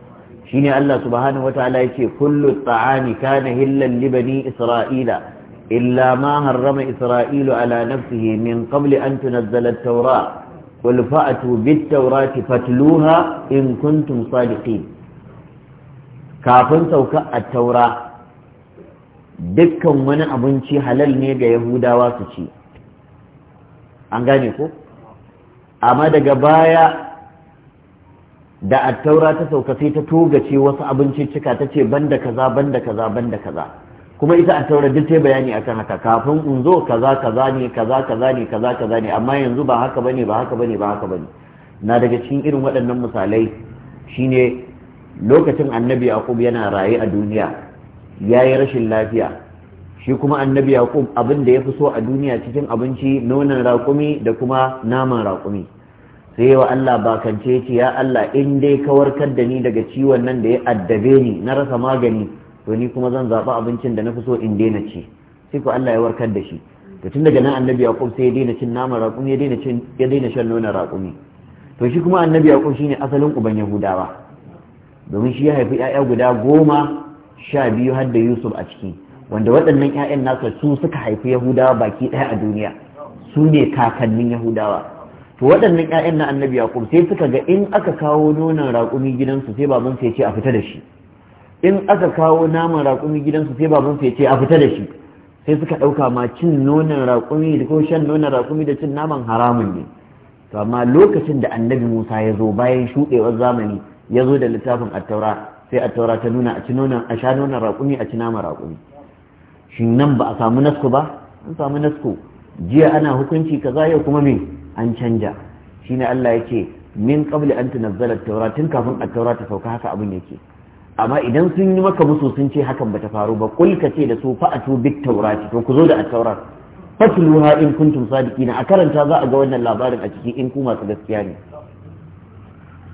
shine Allah subhanahu wataala ya ce kullu ta'ani kana hillan li bani isra'ila illa ma harrama isra'ilu ala nafsihi min qabli an tunazzala at-taura qul fa'atu bit-taurati fatluha in kuntum sadiqin kafin sauka a taura dukkan wani abinci halal ne ga yahudawa su ci an gane ko amma daga baya da a taura ta sauka sai ta togace wasu abinci cika ta ce banda kaza banda kaza banda kaza kuma ita a taura duk ta bayani akan haka kafin in zo kaza kaza ne kaza kaza ne kaza kaza ne amma yanzu ba haka bane ba haka bane ba haka bane na daga cikin irin waɗannan misalai shine lokacin annabi yaqub yana raye a duniya ya yi rashin lafiya shi kuma annabi yaqub abin da ya fi so a duniya cikin abinci nonon raƙumi da kuma naman raƙumi sai wa Allah bakance ce ya Allah in dai kawar warkar da ni daga ciwon nan da ya addabe ni na rasa magani to ni kuma zan zaɓi abincin da na fi so in daina ci sai ku Allah ya warkar da shi to tun daga nan annabi yaqub sai ya daina cin naman raƙumi ya daina shan nonon raƙumi to shi kuma annabi yaqub shine asalin uban yahudawa domin shi ya haifi 'ya'ya guda goma sha biyu har da yusuf a ciki wanda waɗannan 'ya'yan nasa su suka haifi yahudawa baki ɗaya a duniya su ne kakannin yahudawa to waɗannan 'ya'yan na annabi yakub sai suka ga in aka kawo nonon raƙumi gidansu sai baban sai ce a fita da shi in aka kawo naman raƙumi gidansu sai baban sai ce a fita da shi sai suka ɗauka ma cin nonon raƙumi da ko shan nonon raƙumi da cin naman haramun ne to amma lokacin da annabi musa ya zo bayan shuɗewar zamani ya zo da littafin attaura sai attaura ta nuna a ci a sha nonon raƙumi a ci naman raƙumi shi nan ba a samu nasko ba an samu nasko jiya ana hukunci kaza ya kuma me an canja Shi shine Allah ya ce, min qabli an tunazzala taura tun kafin attaura taura ta sauka haka abin yake amma idan sun yi maka musu sun ce hakan bata faru ba kul ka ce da su fa'atu bit taurati to ku zo da attaura taura fatluha in kuntum sadiqina a karanta za a ga wannan labarin a cikin in ku masu gaskiya ne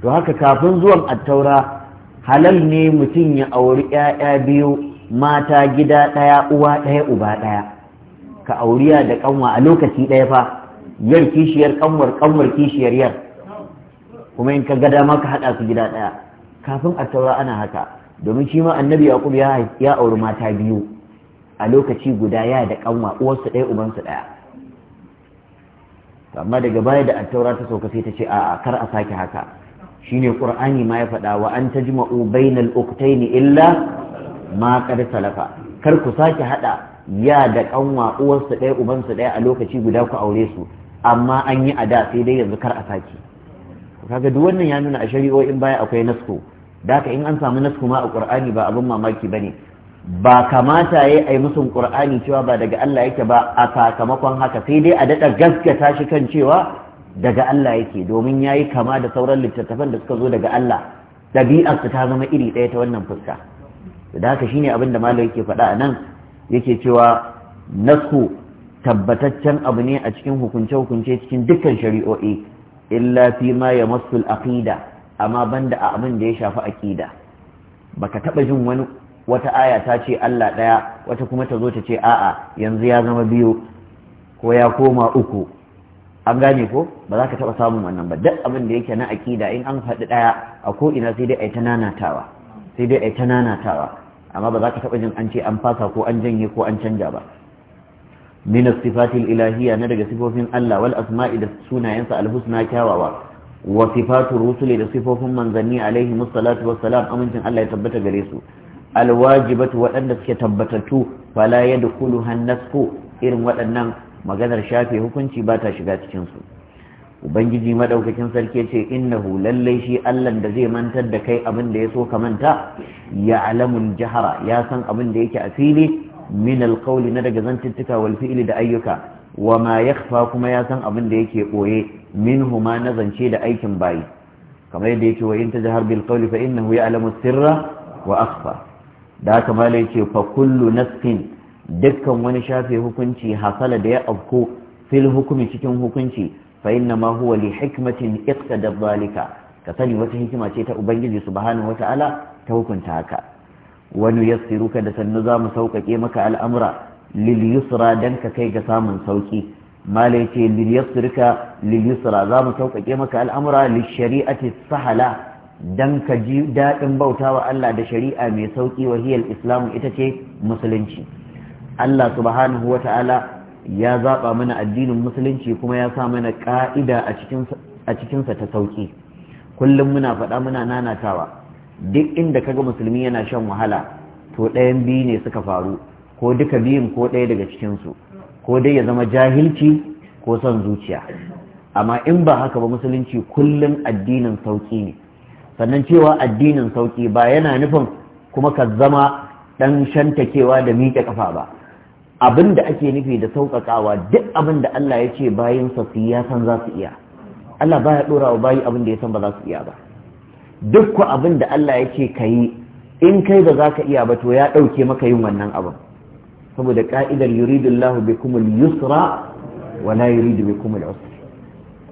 to haka kafin zuwan attaura halal ne mutum ya auri 'ya'ya biyu mata gida ɗaya uwa ɗaya uba ɗaya ka auriya da kanwa a lokaci ɗaya fa yar kishiyar kanwar kanwar kishiyar yar kuma in ka ga dama ka haɗa su gida ɗaya kafin attaura ana haka domin shi ma annabi yaqub ya ya auri mata biyu a lokaci guda ya da kanwa su ɗaya su ɗaya amma daga baya da attaura ta sauka sai ta ce a'a kar a sake haka shine qur'ani ma ya faɗa wa an tajma'u bainal uqtayn illa ma qad salafa kar ku sake hada ya da kanwa uwarsa ɗaya ubansa ɗaya a lokaci guda ku aure su amma an yi ada sai dai yanzu kar a sake kaga duk wannan ya nuna a shari'o'in baya akwai nasku daka in an samu nasku ma a qur'ani ba abin mamaki bane ba kamata ya yi musun qur'ani cewa ba daga Allah yake ba a sakamakon haka sai dai a daɗa gaskata shi kan cewa daga Allah yake domin ya yi kama da sauran littattafan da suka zo daga Allah ɗabi'ar ta zama iri ɗaya ta wannan fuska da haka shine abin da malam yake faɗa a nan yake cewa nasku tabbataccen abu ne a cikin hukunce-hukunce cikin dukkan shari'o'i illa fi ma ya masul aqida amma banda a abin da ya shafi aqida baka taba jin wani wata aya ta ce Allah ɗaya wata kuma ta zo ta ce a'a yanzu ya zama biyu ko ya koma uku an gane ko ba za ka taɓa samun wannan ba duk abin da yake na aƙida in an faɗi ɗaya a ko ina sai dai a yi ta nanatawa sai dai a yi ta nanatawa amma ba za ka taɓa jin an ce an fasa ko an janye ko an canja ba min sifatil ilahiyya na daga sifofin Allah wal asma'i da sunayensa alhusna kyawawa wa sifatu rusuli da sifofin manzanni alaihi musallatu wassalam amincin Allah ya tabbata gare su alwajibatu waɗanda suke tabbatattu fala yadkhuluha an-nafsu irin waɗannan maganar shafe hukunci ba ta shiga cikinsu ubangiji madaukakin sarki ce innahu lallai shi allan da zai mantar da kai abin da ya so ka manta ya alamun ya san abin da yake a fili min alqawli na daga zantuttuka wal fi'li da ayyuka wa ma yakhfa kuma ya san abin da yake boye min huma na zance da aikin bayi kamar yadda yake wa in tajhar bil qawli fa innahu ya'lamu sirra wa akhfa da kamar malai ce fa kullu nafsin dukkan wani shafe hukunci hasala da ya afko fil hukumi cikin hukunci fa inna ma huwa li hikmatin iqtada zalika ka sani wata hikima ce ta ubangiji subhanahu wata'ala ta hukunta haka wani yassiruka da sannu za mu sauƙaƙe maka al'amura lil yusra dan ka kai ga samun sauƙi mala yace lil yassirka lil yusra za mu sauƙaƙe maka al'amura lil shari'ati sahala dan ka ji daɗin bautawa Allah da shari'a mai sauƙi wa hiyal islam ita ce musulunci Allah subhanahu wa ta'ala ya zaɓa mana addinin musulunci kuma ya sa mana ƙa'ida a cikinsa ta sauƙi kullum muna faɗa muna nanatawa duk inda kaga musulmi yana shan wahala to ɗayan biyu ne suka faru ko duka biyun ko ɗaya daga cikinsu ko dai ya zama jahilci ko son zuciya amma in ba haka ba musulunci kullum addinin sauƙi ne sannan cewa addinin sauƙi ba yana nufin kuma ka zama ɗan shantakewa da miƙe ƙafa ba abin da ake nufi da sauƙaƙawa duk abin da Allah ya ce bayansa su ya san za su iya Allah baya ɗora wa bayi abin da ya san ba za su iya ba duk ku abin da Allah ya ce ka yi in kai ba za ka iya ba to ya ɗauke maka yin wannan abin saboda ka'idar yuridullahu bikum al-yusra wa la yuridu bikum al-usra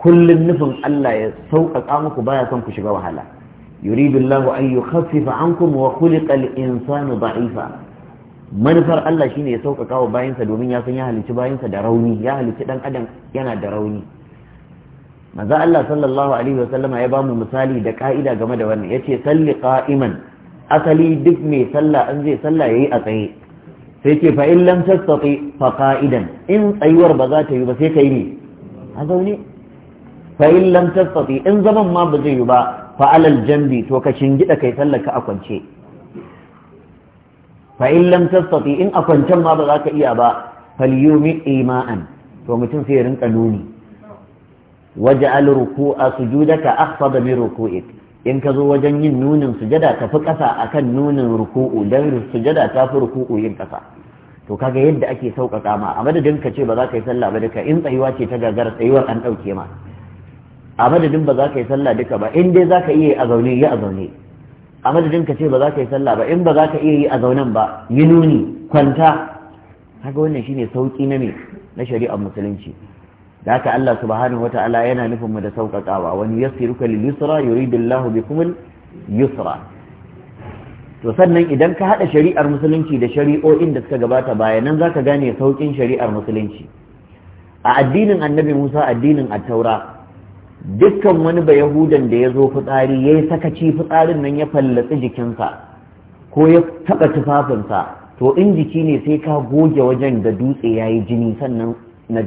kullun nufin Allah ya sauƙaƙa muku baya son ku shiga wahala yuridullahu an yukhaffifa ankum wa khuliqa al-insanu da'ifa manufar Allah shine ya sauƙaƙa wa bayansa domin ya san ya halici bayansa da rauni ya halici dan adam yana da rauni manzo Allah sallallahu alaihi wa sallama ya bamu misali da ka'ida game da wannan yace salli qa'iman asali duk mai sallah an zai sallah yayi a tsaye sai ce fa in lam tastati fa qa'idan in tsayuwar ba za ta yi ba sai kai ne a zaune fa in lam tastati in zaman ma ba zai yi ba fa alal jambi to ka shingida kai sallar ka a kwance fa in lam tastati in a kwancan ma ba za ka iya ba falyumi ima'an to mutum sai rinka nuni waj'al ruku'a ka ahfada min ruku'ik in ka zo wajen yin nunin sujada ta fi ƙasa akan nunin ruku'u don sujada ta fi ruku'u yin ƙasa to kaga yadda ake sauƙaƙa ma a madadin ka ce ba za ka yi sallah ba duka in tsayuwa ce ta gagara tsayuwar an ɗauke ma a madadin ba za ka yi sallah duka ba in dai za ka iya a zaune ya a zaune a madadin ka ce ba za ka yi sallah ba in ba za ka iya yi a zaunan ba yi nuni kwanta haka wannan shine sauki na me na shari'ar musulunci da haka Allah subhanahu wata'ala yana nufin mu da sauƙaƙawa wani yassiruka lil yusra yuridu Allahu bikum yusra to sannan idan ka hada shari'ar musulunci da shari'o'in da suka gabata baya nan zaka gane saukin shari'ar musulunci a addinin annabi Musa addinin at-taura dukkan wani ba yahudan da ya zo fitsari ya yi sakaci fitsarin nan ya fallatsi jikinsa ko ya taɓa tufafinsa to in jiki ne sai ka goge wajen da dutse ya yi jini sannan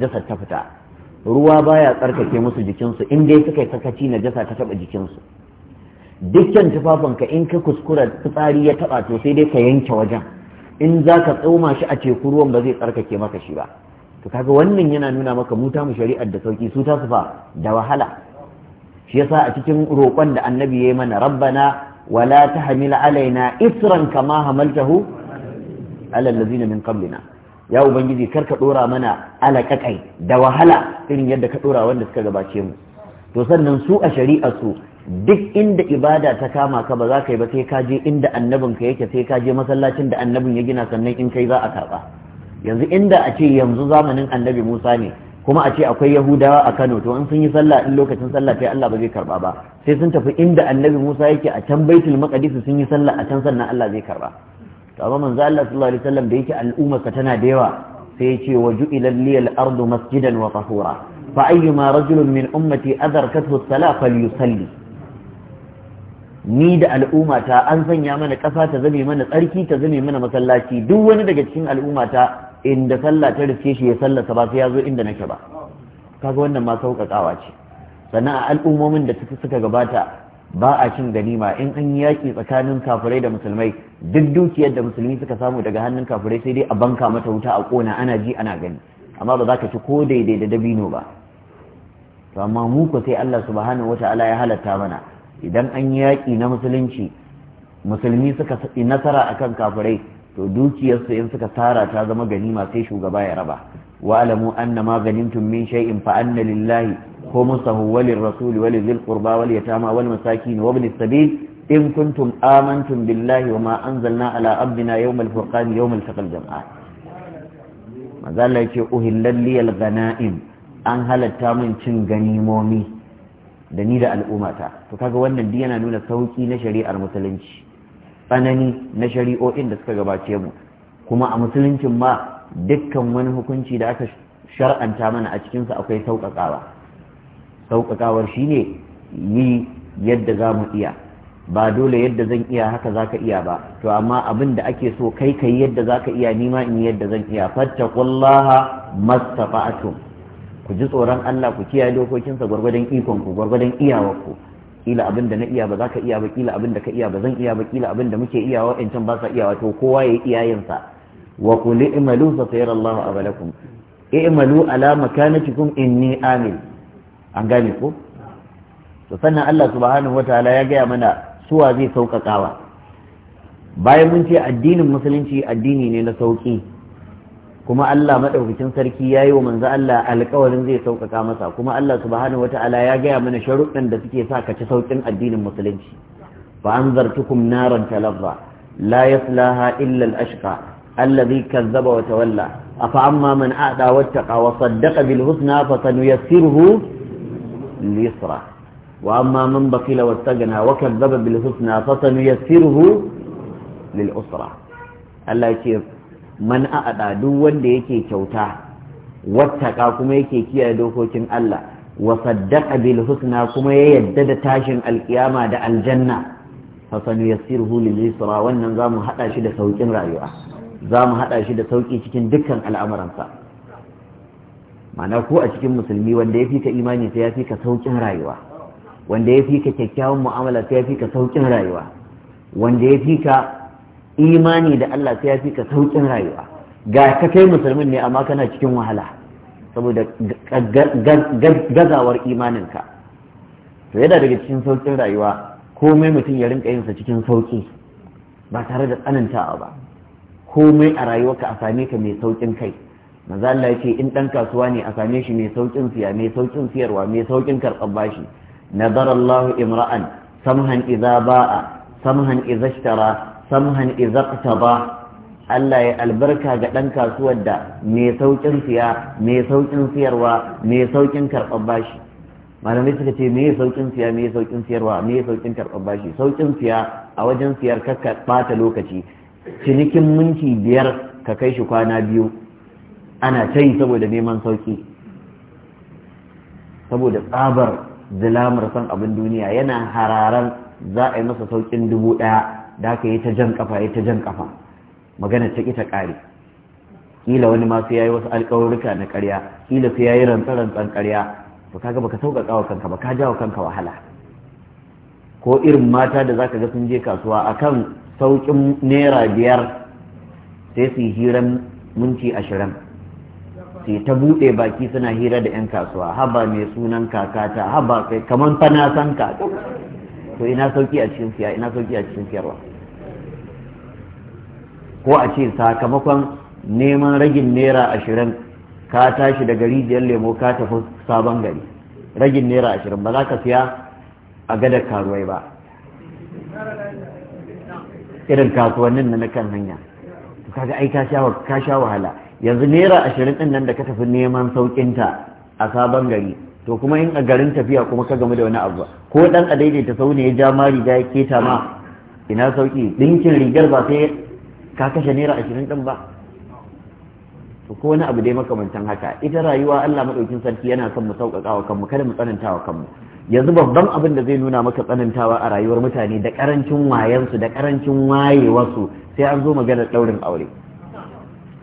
jasa ta fita ruwa baya tsarkake musu jikinsu in dai suka yi sakaci najasa ta taɓa jikinsu dukkan tufafinka in ka kuskura fitsari ya taɓa to sai dai ka yanke wajen in za ka tsoma shi a teku ruwan ba zai tsarkake maka shi ba to kaga wannan yana nuna maka mu ta mu shari'ar da sauki su ta su fa da wahala shi yasa a cikin roƙon da annabi ya yi mana rabbana wala tahmil alaina isran kama hamaltahu ala allazina min qablina ya ubangiji kar ka dora mana alaƙaƙai da wahala irin yadda ka dora wanda suka gabace mu to sannan su a shari'a su duk inda ibada ta kama ka ba za ka yi ba sai ka je inda annabin ka yake sai ka je masallacin da annabin ya gina sannan in kai za a karɓa yanzu inda a ce yanzu zamanin annabi musa ne kuma a ce akwai yahudawa a kano to in sun yi sallah in lokacin sallah sai allah ba zai karba ba sai sun tafi inda annabi musa yake a can baitul maqdis sun yi sallah a can sannan allah zai karba to amma manzo allah sallallahu alaihi wasallam da yake ka tana da yawa sai yace ce wa ju'ilal liyal ardu masjidan wa tahura fa ayyuma rajulun min ummati adarkathu as-salah falyusalli ni da al'ummata an sanya mana ƙasa ta zame mana tsarki ta zame mana masallaci duk wani daga cikin al'ummata inda sallah ta riske shi ya sallasa ba sai ya zo inda nake ba kaga wannan ma sauƙaƙawa ce sannan a al'ummomin da suka gabata ba a cin ganima in an yi yaƙi tsakanin kafirai da musulmai duk dukiyar da musulmi suka samu daga hannun kafirai sai dai a banka mata wuta a ƙona ana ji ana gani amma ba za ka ci ko daidai da dabino ba to amma mu ko sai Allah subhanahu wata'ala ya halatta mana idan an yaƙi na musulunci musulmi suka nasara akan kafirai to dukiyarsu in suka tara ta zama ganima sai shugaba ya raba wa'lamu anna ma ganimtum min shay'in fa anna lillahi khumsahu wa lirrasuli wa lidhil qurba wal yatama wal masakin wa ibnis sabil in kuntum amantum billahi wa ma anzalna ala abdina yawmal furqan yawmal taqal jam'an maza Allah yake uhillalliyal ghana'im an halatta min cin ganimomi da ni da al'ummata to kaga wannan duk yana nuna sauki na shari'ar musulunci tsanani na shari'o'in da suka gabace mu kuma a musuluncin ma dukkan wani hukunci da aka shar'anta mana a cikinsa akwai sauƙaƙawa sauƙaƙawar shi ne yi yadda za mu iya ba dole yadda zan iya haka za ka iya ba to amma abin da ake so kai ka yi yadda za ka iya nima in yi yadda zan iya kullaha mastafa'atum ku ji tsoron Allah ku kiyaye dokokinsa gwargwadon ikonku gwargwadon iyawarku kila abin da na iya ba za ka iya ba kila abin da ka iya ba zan iya ba kila abin da muke iya wa'ancan ba sa iyawa to kowa ya yi iyayensa wa qul i'malu fa sayarallahu amalakum i'malu ala makanatikum inni amil an gane ko to sannan Allah subhanahu wataala ya gaya mana suwa zai sauƙaƙawa bayan mun ce addinin musulunci addini ne na sauki. kuma Allah madaukakin sarki ya yi wa manzo Allah alƙawarin zai sauƙaƙa masa kuma Allah subhanahu wata'ala ya gaya mana sharuɗin da suke sa ka ci sauƙin addinin musulunci fa anzartukum naran talazza la yaslaha illa al-ashqa alladhi kazzaba wa tawalla afa amma man a'da wattaqa wa saddaqa bil husna fa sanuyassiruhu lisra wa amma man bakila wastaghna wa kazzaba bil husna fa sanuyassiruhu lil usra Allah ya ce man a'ada duk wanda yake kyauta wattaka kuma yake kiyaye dokokin Allah wa saddaqa bil husna kuma ya yadda da tashin alkiyama da aljanna fa sanu yassiruhu lil yusra wannan zamu hada shi da saukin rayuwa zamu hada shi da sauki cikin dukkan al'amuransa ma'ana ko a cikin musulmi wanda ya fi ka imani sai ya fi ka saukin rayuwa wanda ya fi ka kyakkyawan mu'amala sai ya fi ka saukin rayuwa wanda ya fi ka imani da Allah sai ya fi ka saukin rayuwa ga ka kai musulmin ne amma kana cikin wahala saboda gazawar imaninka to yana daga cikin saukin rayuwa komai mutum ya rinka yinsa cikin sauki ba tare da tsanantawa ba komai a rayuwarka a same ka mai saukin kai maza Allah yace in dan kasuwa ne a same shi mai saukin siya mai saukin siyarwa mai saukin karɓar bashi nazarallahu imra'an samhan idza ba'a samhan idza ishtara samhan izaqtaba Allah ya albarka ga ɗan kasuwar da mai saukin siya mai saukin siyarwa mai saukin karɓar bashi malamai suka ce me saukin siya me saukin siyarwa me saukin karɓar bashi saukin siya a wajen siyar kakka ɓata lokaci cinikin minti biyar ka kai shi kwana biyu ana ta saboda neman sauki saboda tsabar zilamar son abin duniya yana hararan za a yi masa saukin dubu ɗaya da aka yi ta jan kafa ya ta jan kafa magana ta ita ƙare kila wani ma sai yayi wasu alƙawarruka na ƙarya kila sai yayi rantsan ƙarya to kaga baka sauƙaƙa wa kanka ba ka jawo kanka wahala ko irin mata da zaka ga sun je kasuwa akan sauƙin naira biyar sai su yi hiran minti ashirin sai ta buɗe baki suna hira da 'yan kasuwa haba mai sunan kakata haba kai kamar fana san to ina sauki a cikin siya ina sauki a cikin siyarwa ko a ce sakamakon neman ragin naira ashirin ka tashi daga rijiyar lemo ka tafi sabon gari ragin naira ashirin ba za ka siya a gadar karuwai ba irin kasuwannin na kan hanya kaga ai ka sha wahala yanzu naira ashirin din nan da ka tafi neman ta a sabon gari to kuma in a garin tafiya kuma ka gamu da wani abu ko dan a daidaita sau ne ya ja ma riga ya keta ma ina sauki dinkin rigar ba sai ka kashe naira ashirin ɗin ba ko wani abu dai makamantan haka ita rayuwa Allah maɗaukin sarki yana son mu sauƙaƙa wa kanmu kada mu tsananta wa kanmu yanzu babban abin da zai nuna maka tsanantawa a rayuwar mutane da ƙarancin wayensu da ƙarancin wayewarsu sai an zo maganar ɗaurin aure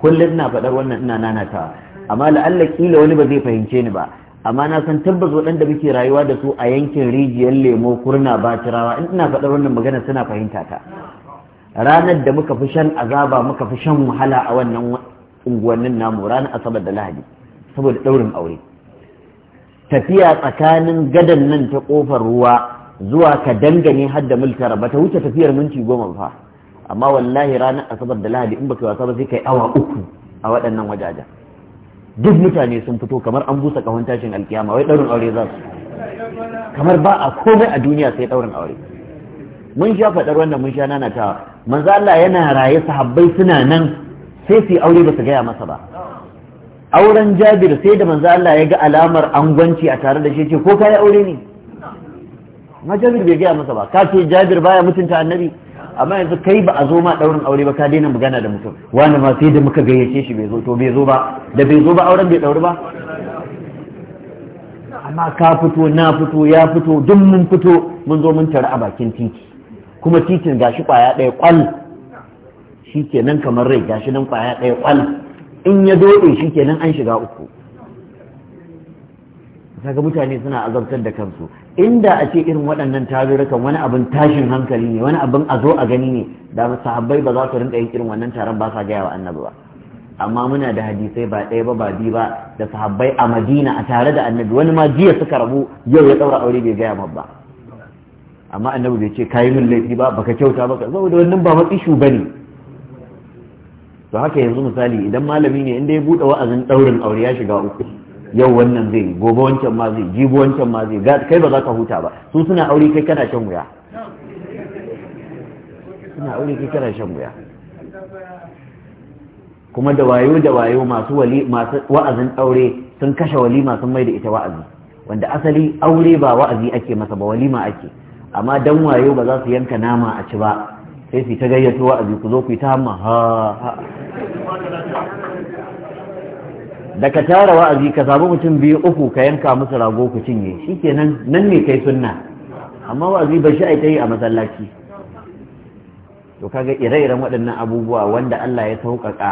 kullum na faɗar wannan ina nanatawa amma la'alla kila wani ba zai fahimce ni ba amma na san tabbas waɗanda muke rayuwa da su a yankin rijiyar lemo kurna ba turawa in ina faɗar wannan magana suna fahimta ta ranar da muka fi shan azaba muka fi shan wahala a wannan unguwannin namu ranar asabar da lahadi saboda ɗaurin aure tafiya tsakanin gadan nan ta ƙofar ruwa zuwa ka dangane har da mulkar ba ta wuce tafiyar minti goma fa amma wallahi ranar asabar da lahadi in baka wasa ba sai kai awa uku a waɗannan wajajen duk mutane sun fito kamar an busa kahon tashin alkiyama wai ɗaurin aure za su kamar ba a komai a duniya sai ɗaurin aure mun sha faɗar wannan mun sha nanatawa manzo Allah yana raye sahabbai suna nan sai su aure ba su gaya masa ba auren Jabir sai da manzo Allah ya ga alamar angwanci a tare da shi ce ko ka yi aure ne ma Jabir bai gaya masa ba ka ce Jabir baya mutunta annabi amma yanzu kai ba a zo ma daurin aure ba ka daina magana da mutum wani ma sai da muka gayyace shi bai zo to bai zo ba da bai zo ba auren bai dauri ba amma ka fito na fito ya fito duk mun fito mun zo mun tare a bakin titi kuma titin gashi kwaya ɗaya kwal shi kenan kamar rai gashi nan kwaya ɗaya kwal in ya doɗe shi kenan an shiga uku saka mutane suna azabtar da kansu inda a ce irin waɗannan tarurrukan wani abin tashin hankali ne wani abin a zo a gani ne da sahabbai ba za su rinka yin irin wannan taron ba sa gaya wa annabi ba amma muna da hadisai ba ɗaya ba ba biyu ba da sahabbai a madina a tare da annabi wani ma jiya suka rabu yau ya ɗaura aure bai gaya ba amma annabi bai ce kayi min laifi ba baka kyauta ba saboda wannan ba matsi shugani to haka yanzu misali idan malami ne inda ya bude wa'azin daurin aure ya shiga uku yau wannan zai gobe wancan ma zai jibo wancan ma zai kai ba za ka huta ba su suna aure kai kana shan wuya suna aure kai kana shan wuya kuma da wayo da wayo masu wali masu wa'azin aure sun kashe walima sun mai da ita wa'azi wanda asali aure ba wa'azi ake masa ba walima ake amma dan wayo ba za su yanka nama a ci ba sai su ta gayyato a ku zo ku ta hamma ha ha da ka tara wa'azi ka samu mutum biyu uku ka yanka musu rago ku cinye shikenan nan ne kai sunna amma wa'azi ba shi ta yi a masallaci to kaga ire-iren waɗannan abubuwa wanda Allah ya sauƙaƙa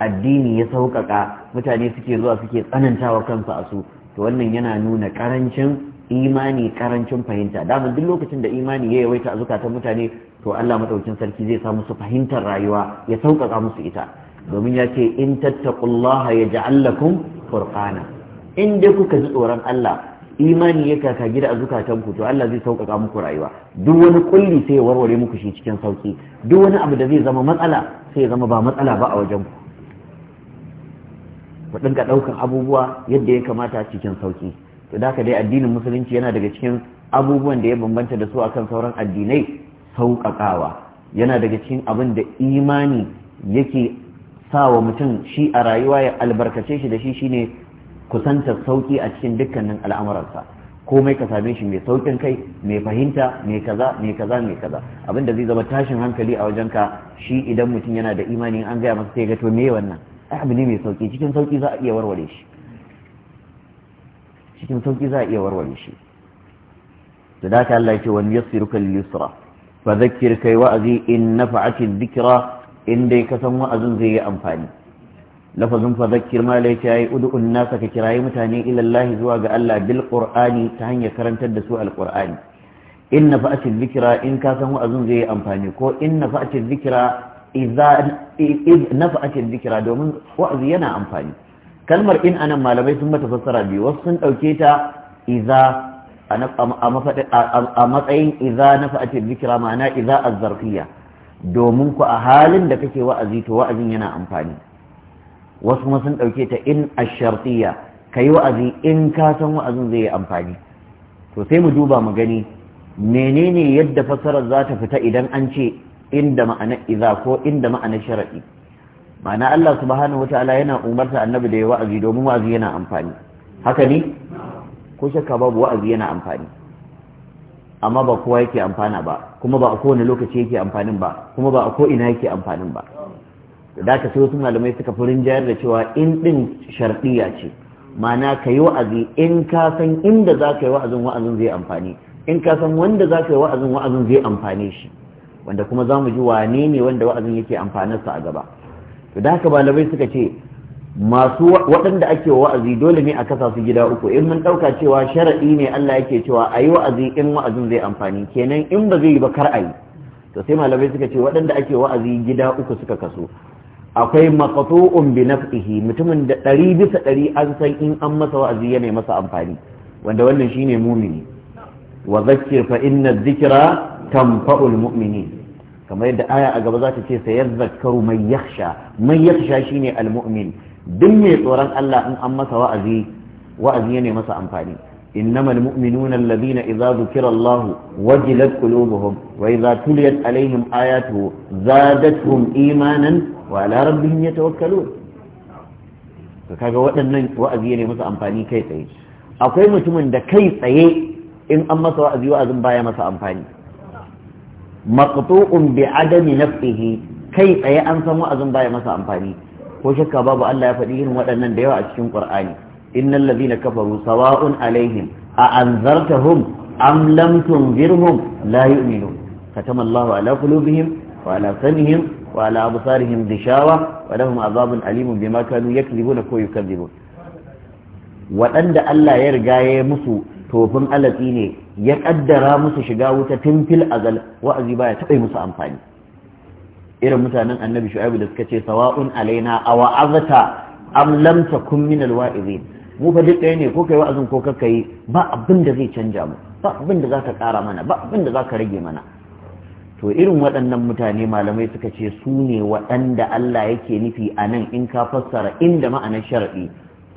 addini ya sauƙaƙa mutane suke zuwa suke tsanantawa kansu a su to wannan yana nuna ƙarancin imani karancin fahimta dama duk lokacin da imani ya yawaita a zukatan mutane to Allah madaukin sarki zai sa musu fahimtar rayuwa ya sauƙaƙa musu ita domin ya ce in tattaqullaha yaj'al lakum furqana in dai kuka ji tsoron Allah imani ya kaka gida a zukatan ku to Allah zai sauƙaƙa muku rayuwa duk wani kulli sai ya warware muku shi cikin sauki duk wani abu da zai zama matsala sai ya zama ba matsala ba a wajen ku ku dinga ɗaukan abubuwa yadda ya kamata cikin sauki to da dai addinin musulunci yana daga cikin abubuwan da ya bambanta da su akan sauran addinai sauƙaƙawa yana daga cikin abin da imani yake sa wa mutum shi a rayuwa ya albarkace shi da shi shine kusanta sauƙi a cikin dukkanin al'amuransa komai ka same shi mai saukin kai mai fahimta mai kaza mai kaza mai kaza abin da zai zama tashin hankali a wajen ka shi idan mutum yana da imani an gaya masa sai ga to me wannan ai abu ne mai sauki cikin sauki za a iya warware shi cikin sauki za a iya warware shi da dace Allah ya ce wani yassiruka lil yusra fa kai wa'azi in nafa'ati dhikra in dai ka san wa'azin zai yi amfani lafazin fa zakkir ma lai ce ayi nasa ka kirayi mutane ila Allah zuwa ga Allah bil qur'ani ta hanyar karantar da su Al-Qur'ani. in nafa'ati dhikra in ka san wa'azin zai yi amfani ko in nafa'ati dhikra idza nafa'ati dhikra domin wa'azi yana amfani kalmar in anan malamai sun mata fassara biyu wasu sun ɗauke ta a matsayin iza na fa'atin zikira ma'ana iza a zarfiya domin ku a halin da kake wa'azi to wa'azin yana amfani wasu kuma sun ɗauke ta in a shartiya ka yi wa'azi in ka san wa'azin zai yi amfani to sai mu duba mu gani menene yadda fassarar za ta fita idan an ce inda ma'ana iza ko inda ma'ana sharaɗi ma'ana Allah subhanahu wataala yana umarta annabi da ya wa'azi domin wa'azi yana amfani haka ne ko shakka babu wa'azi yana amfani amma ba kowa yake amfana ba kuma ba a kowane lokaci yake amfanin ba kuma ba a ko ina yake amfanin ba da ka sai wasu malamai suka fi rinjayar da cewa in din sharɗiya ce ma'ana ka yi wa'azi in ka san inda za ka yi wa'azin wa'azin zai amfani in ka san wanda za ka yi wa'azin wa'azin zai amfane shi wanda kuma za mu ji wane ne wanda wa'azin yake amfanarsa a gaba to da haka malamai suka ce masu waɗanda ake wa'azi dole ne a kasa su gida uku in mun ɗauka cewa sharaɗi ne Allah yake cewa a yi wa'azi in wa'azin zai amfani kenan in ba zai yi ba kar a yi to sai malamai suka ce waɗanda ake wa'azi gida uku suka kaso akwai maqtu'un bi nafsihi mutumin da ɗari bisa ɗari an san in an masa wa'azi yana masa amfani wanda wannan shine mumini wa zakkir fa inna dhikra tanfa'ul mu'minin kamar yadda aya a gaba za ta ce sayazakkaru mai yaksha mai yakhsha shine almu'min duk mai tsoron Allah in an masa wa'azi wa'azi ne masa amfani إنما المؤمنون الذين إذا ذكر الله وجلت قلوبهم وإذا تليت عليهم آياته زادتهم إيمانا وعلى ربهم يتوكلون kaga waɗannan wa'azi ne masa amfani kai tsaye akwai mutumin da kai tsaye in an masa wa'azi wa'azin baya masa amfani maqtu'un bi adami nafsihi kai tsaye an san wa'azin baya masa amfani ko shakka babu Allah ya faɗi irin waɗannan da yawa a cikin Qur'ani innal ladhina kafaru sawa'un alaihim a anzartahum am lam tunzirhum la yu'minun katama Allahu ala qulubihim wa ala sam'ihim wa ala absarihim dishawa wa lahum azabun alimun bima kanu yakzibuna ko waɗanda Allah ya riga ya musu tofin alatsi ne ya kaddara musu shiga wuta tun azal wa'azi baya taɓa musu amfani irin mutanen annabi shu'aibu da suka ce sawa'un alaina a wa'azata am lam takun min alwa'izin mu fa duk ɗaya ne ko kai wa'azin ko kakka yi ba abin da zai canja mu ba abin da zaka ƙara mana ba abin da zaka rage mana to irin waɗannan mutane malamai suka ce su ne waɗanda Allah yake nufi a nan in ka fassara inda ma'anar shar'i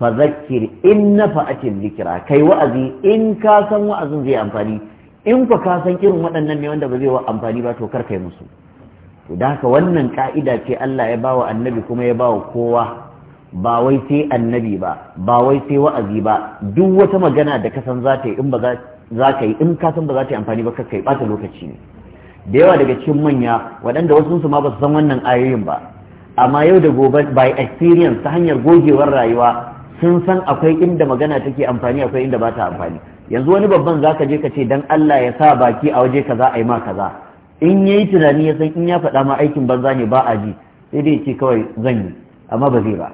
fazakir in na fa'atin zikira, kai wa'azi in ka san wa'azin zai amfani in ku ka san irin waɗannan ne wanda ba zai wa amfani ba to kar kai musu to da haka wannan ka'ida ce Allah ya bawa annabi kuma ya bawa kowa ba wai sai annabi ba ba wai sai wa'azi ba duk wata magana da ka san za ta yi in ba za ka yi in ka san ba za ta yi amfani ba kar kai ɓata lokaci ne da yawa daga cikin manya waɗanda wasu su ma ba su san wannan ayoyin ba amma yau da gobe by experience ta hanyar gogewar rayuwa sun san akwai inda magana take amfani akwai inda ba ta amfani yanzu wani babban zaka je ka ce dan Allah ya sa baki a waje kaza a yi ma kaza in ya yi tunani ya san in ya faɗa ma aikin banza ne ba a ji sai dai ce kawai zan yi amma ba zai ba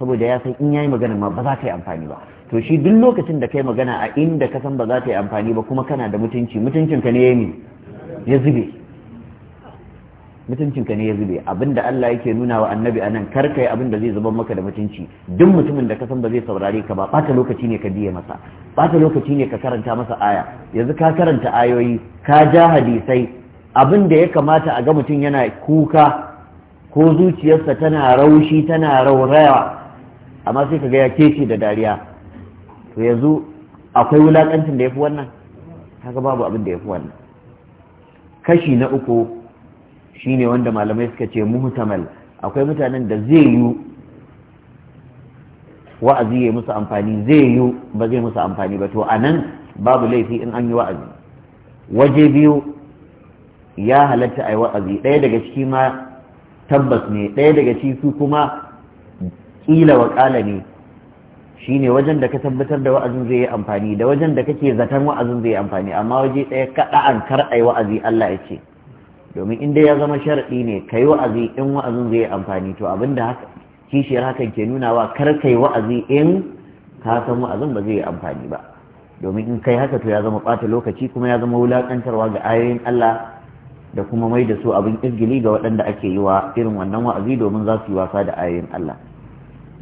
saboda ya san in ya yi magana ma ba za ka yi amfani ba to shi duk lokacin da kai magana a inda ka san ba za ta yi amfani ba kuma kana da mutunci mutuncinka ne ya ne ya zube mutuncinka ne ya zube abinda Allah yake nuna wa annabi anan kar kai abinda zai zuban maka da mutunci duk mutumin da ka san ba zai saurare ka ba bata lokaci ne ka biye masa bata lokaci ne ka karanta masa aya yanzu ka karanta ayoyi ka ja hadisai abinda ya kamata a ga mutum yana kuka ko zuciyarsa tana raushi tana rauraya amma sai ka ga ya kece da dariya to yanzu akwai wulakancin da ya fi wannan haka babu abin da ya fi wannan kashi na uku Shi ne wanda malamai suka ce muhtamal akwai mutanen da zai yi wa'azi ya musu amfani zai yi ba zai musu amfani ba to anan babu laifi in an yi wa'azi waje biyu ya halatta a yi wa'azi ɗaya daga ciki ma tabbas ne ɗaya daga ciki kuma ƙila wa ne shi ne wajen da ka tabbatar da wa'azin zai yi amfani da wajen da kake zaton wa'azin zai yi amfani amma waje ɗaya kaɗa an kar a yi wa'azi Allah ya ce domin in ya zama sharaɗi ne ka yi wa'azi in wa'azin zai amfani to abinda haka kishiyar hakan ke nuna wa kar ka yi wa'azi in ka san wa'azin ba zai yi amfani ba domin in kai haka to ya zama ɓata lokaci kuma ya zama wulaƙantarwa ga ayoyin Allah da kuma mai da su abin izgili ga waɗanda ake yi wa irin wannan wa'azi domin za su yi wasa da ayoyin Allah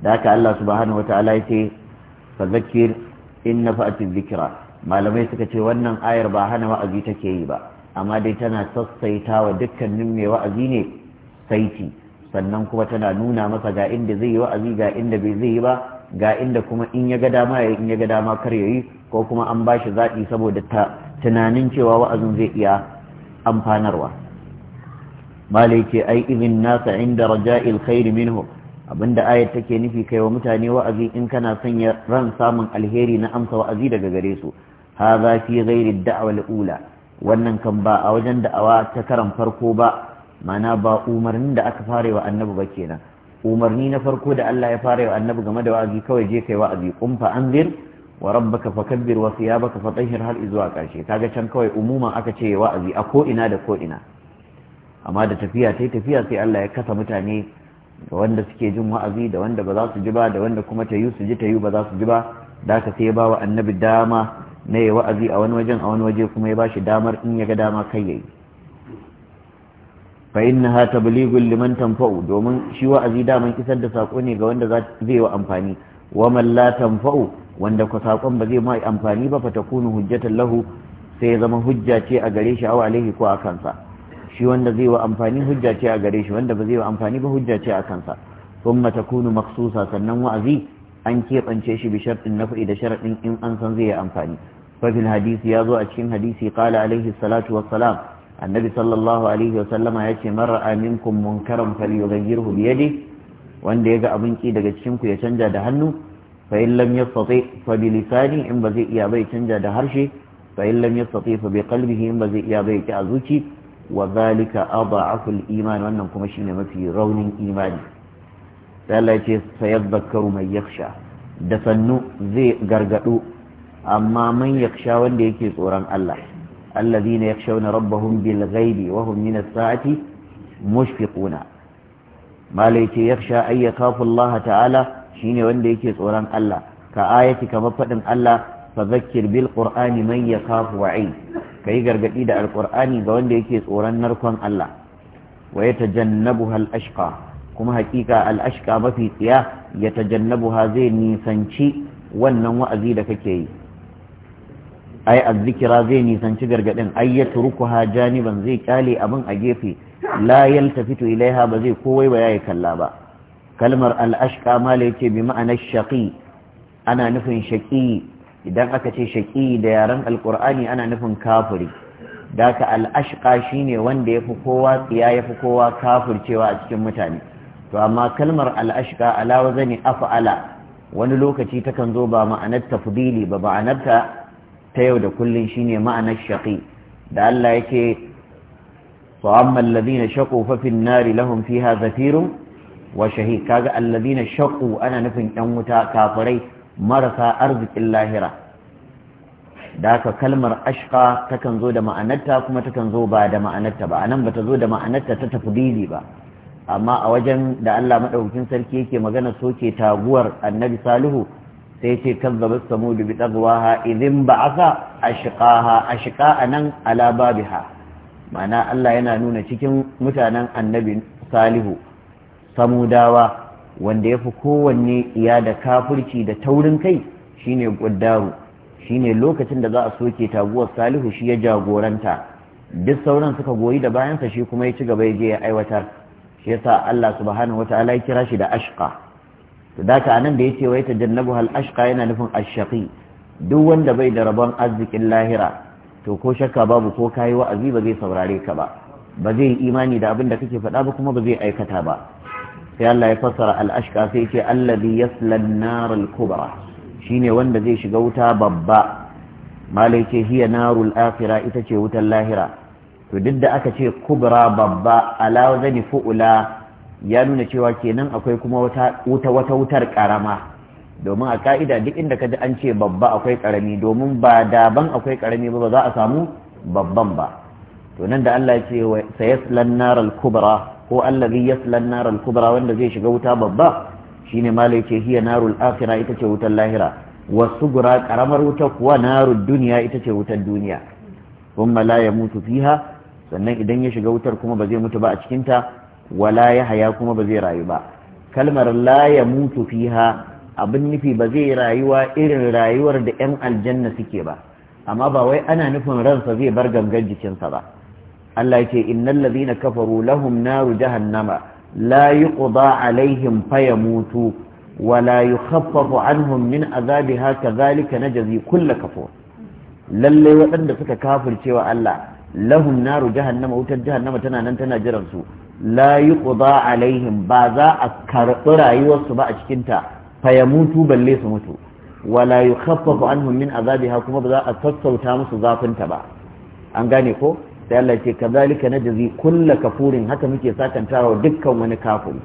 da haka Allah subhanahu wataala ya ce fa zakir in nafa'ati dhikra malamai suka ce wannan ayar ba hana wa'azi take yi ba amma dai tana sassaita wa dukkanin mai wa'azi ne saiti sannan kuma tana nuna masa ga inda zai yi wa'azi ga inda bai zai yi ba ga inda kuma in ya ga dama ya in ya ga dama kar ya yi ko kuma an ba shi zaɓi saboda ta tunanin cewa wa'azin zai iya amfanarwa malai ce ai izin nasa inda raja'il khairi minhu abinda ayat take nufi kai wa mutane wa'azi in kana sanya ran samun alheri na amsa wa'azi daga gare su hadha fi ghairi ad-da'wa al-ula wannan kan ba a wajen da'awa ta karan farko ba mana ba umarnin da aka fara wa annabi ba kenan umarni na farko da Allah ya fara wa annabi game da wa'azi kawai je kai wa'azi kun fa anzir wa rabbaka fakabbir wa thiyabaka fatahhir har izuwa karshe kaga can kawai umuman aka ce wa'azi a ko ina da ko ina amma da tafiya tai tafiya sai Allah ya kasa mutane ga wanda suke jin wa'azi da wanda ba za su ji ba da wanda kuma ta yi su ji ta yi ba za su ji ba da ka sai ba wa annabi dama na yi wa'azi a wani wajen a wani waje kuma ya ba shi damar in ya ga dama kai ya yi fa ha tablighun liman tanfa'u domin shi wa'azi daman kisar da sako ne ga wanda zai wa amfani wa man la tanfa'u wanda ko sakon ba zai mai amfani ba fa takunu hujjatan lahu sai ya zama hujja ce a gare shi aw alaihi ko a kansa shi wanda zai wa amfani hujja ce a gare shi wanda ba zai wa amfani ba hujja ce a kansa thumma takunu maksusa sannan wa'azi an keɓance shi bi sharɗin nafi da sharaɗin in an san zai yi amfani ففي الحديث يازو أتشين حديثي قال عليه الصلاة والسلام النبي صلى الله عليه وسلم يأتي من رأى منكم منكرا فليغيره بيده وأن يقع منكي دقى تشنكو يتنجى دهنه فإن لم يستطيع فبلسانه إن بزي إيابي تنجى دهرشي فإن لم يستطيع فبقلبه إن بزي إيابي تأذوشي وذلك أضعف الإيمان وأنكم شين ما في رون إيمان فلا يتي سيذكر من يخشى دفنه زي قرقعه amma man yaksha wanda yake tsoron Allah allah zina rabbahum bil ghaibi wa hum min as-sa'ati mushfiquna malai ce yaksha ay yakhafu Allah ta'ala shine wanda yake tsoron Allah ka ayati kamar fadin Allah fadhakkir bil qur'ani man yakhafu wa'id kai gargadi da alqur'ani ga wanda yake tsoron narkon Allah wa yatajannabuha al-ashqa kuma hakika al-ashqa mafi tsiya yatajannabuha zai nisanci wannan wa'azi da kake yi ai azzikira zai nisanci gargadin ai ya turkuha janiban zai kyale abin a gefe la yaltafitu ilaiha ba zai kowai ba yayi kalla ba kalmar al-ashqa ma yace bi ma'ana shaqi ana nufin shaqi idan aka ce shaqi da yaren alqur'ani ana nufin kafiri daka al-ashqa shine wanda yafi kowa tsiya yafi kowa kafircewa a cikin mutane to amma kalmar al-ashqa ala wazani af'ala wani lokaci takan zo ba ma'anar tafdili ba ma'anarta ta yau da kullum shine ma'anar shaƙi. da Allah yake fa amma alladhina shaqu fa fin nari lahum fiha zafirun wa shahiq kaga alladhina shaqu ana nufin yan wuta kafirai marasa arzikin lahira da haka kalmar ashqa takan zo da ma'anarta kuma takan zo ba da ma'anarta ba anan bata zo da ma'anarta ta tafdili ba amma a wajen da Allah madaukakin sarki yake magana soke taguwar annabi salihu sai ce kazzabat samudu bi tagwaha idin ba'asa ashqaha ashqa anan ala babiha ma'ana Allah yana nuna cikin mutanen annabi salihu samudawa wanda ya fi kowanne iya da kafirci da taurin kai shine guddaru shine lokacin da za a soke taguwar salihu shi ya jagoranta duk sauran suka goyi da bayansa shi kuma ya ci gaba ya je ya aiwatar shi yasa Allah subhanahu wataala ya kira shi da ashqa sadaka anan da yace wai tajannabu hal ashqa yana nufin ashaqi duk wanda bai da rabon arzikin lahira to ko shakka babu ko kayi wa'azi ba zai saurare ka ba ba zai imani da abin da kake faɗa ba kuma ba zai aikata ba sai Allah ya fassara al-ashqa sai ce allazi yasla an-nar al-kubra shine wanda zai shiga wuta babba malai ce hiya akhira ita ce wutar lahira to duk da aka ce kubra babba ala zani fu'ula ya nuna cewa kenan akwai kuma wata wata wutar karama domin a ka'ida duk inda ji an ce babba akwai karami domin ba daban akwai karami ba ba za a samu babban ba to nan da Allah ya ce sayaslan naral kubra ko allazi yaslan naral kubra wanda zai shiga wuta babba shine malai ce hiya narul akhirah ita ce wutar lahira wasu gura karamar wuta kuwa narul duniya ita ce wutar duniya kuma la ya mutu fiha sannan idan ya shiga wutar kuma ba zai mutu ba a cikinta wala yahya kuma ba zai rayu ba kalmar la ya mutu fiha abin nufi ba zai rayuwa irin rayuwar da 'yan aljanna suke ba amma ba wai ana nufin ransa zai bar gangan jikinsa ba Allah ce innal ladhina kafaru lahum naru jahannama la yuqda alaihim fayamutu wa la yukhaffafu anhum min azabiha kadhalika najzi kull kafur lalle waɗanda suka kafircewa Allah lahum naru jahannama wutar jahannama tana nan tana jiran su la yuqda alaihim ba za a karɓi rayuwarsu ba a cikinta fa ya mutu balle su mutu wala kaffafa anhum min azabiha kuma ba za a sassauta musu zafinta ba an gane ko sai Allah ce kazalika jazi kulla kafurin haka muke sakantawa dukkan wani kafin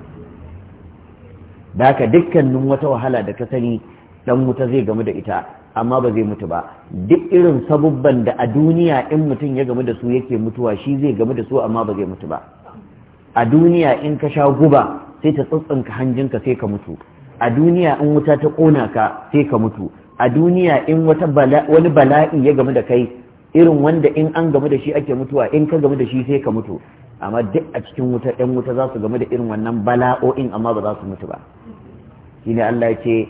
da haka dukkanin wata wahala da ka sani dan wuta zai gamu da ita amma ba zai mutu ba duk irin sabubban da a duniya in mutum ya gamu da su yake mutuwa shi zai gamu da su amma ba zai mutu ba a duniya in ka sha guba sai ta tsatsanka hanjinka sai ka mutu a duniya in wuta ta ƙona ka sai ka mutu a duniya in wata wani bala'i ya gamu da kai irin wanda in an gamu da shi ake mutuwa in ka gamu da shi sai ka mutu amma duk a cikin wuta ɗan wuta za su gamu da irin wannan bala'o'in amma ba za su mutu ba ne Allah ya ce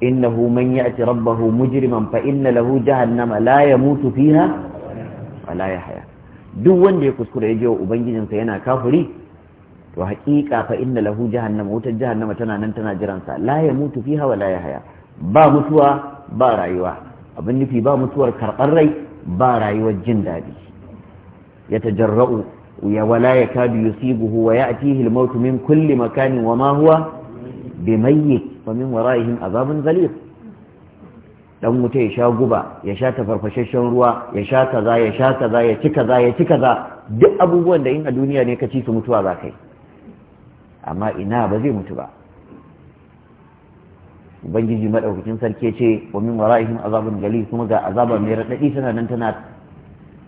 innahu man ya'ti rabbahu mujriman fa inna lahu jahannama la yamutu fiha wa la yahya duk wanda ya kuskura ya je wa ubangijinsa yana kafiri to haƙiƙa fa inna lahu jahannama wutar jahannama tana nan tana jiransa la ya mutu fiha wa la ya haya ba mutuwa ba rayuwa abin nufi ba mutuwar karɓar rai ba rayuwar jin daɗi ya tajarra'u ya wala ya kadu yusibuhu wa ya'tihi al-maut min kulli makanin wa ma huwa bimayyit wa min wara'ihim azabun zalil dan wuta ya sha guba ya sha tafarfashashen ruwa ya sha kaza ya sha kaza ya ci kaza ya ci kaza duk abubuwan da in a duniya ne ka ci su mutuwa za kai amma ina ba zai mutu ba ubangiji madaukakin sarki ce wa min wara'ihim azabun gali kuma ga azabar mai radadi tana nan tana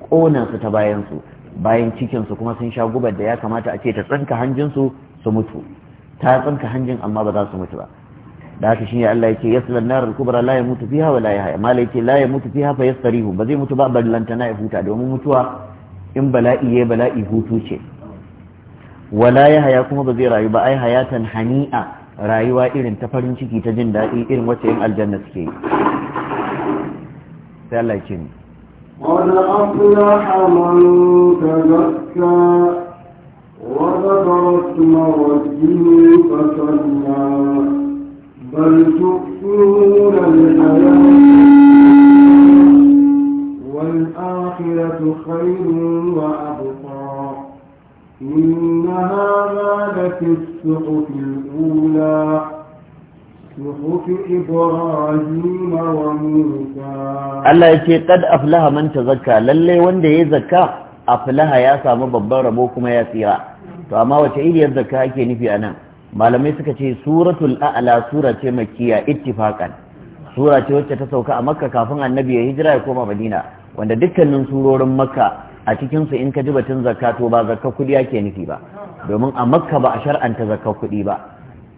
kona su ta bayan su bayan cikin su kuma sun sha gubar da ya kamata a ce ta tsanka hanjin su su mutu ta tsanka hanjin amma ba za su mutu ba da haka shine Allah yake yaslan nar al-kubra la yamutu fiha wa la yahya mala yake la yamutu fiha fa yastarihu ba zai mutu ba ballantana ya huta domin mutuwa in bala'i ya bala'i hutu ce wala ya haya kuma ba zai rayu ba ai hayatan hani'a rayuwa irin ta farin ciki ta jin daɗi irin wacce yin aljanna suke yi sai Allah ce ni قد أفلح من تزكى وذكر اسم ربه فصلى بل تؤثرون الحياة والآخرة خير وأبقى إن هذا لفي الصحف الأولى صحف إبراهيم وموسى الله يكي قد أفلها من تزكى للي وندي يزكى أفلها يا سامو ببار أبوكما يا سيرا فأما وشعير يزكى يكي نفي أنا malamai suka ce suratul a'la surace ce makkiya ittifaqan sura ce wacce ta sauka a makka kafin annabi ya hijira ya koma madina wanda dukkanin surorin makka a cikinsu in ka ji batun zakka to ba zakka kuɗi ake nufi ba domin a makka ba a shar'anta zakka kuɗi ba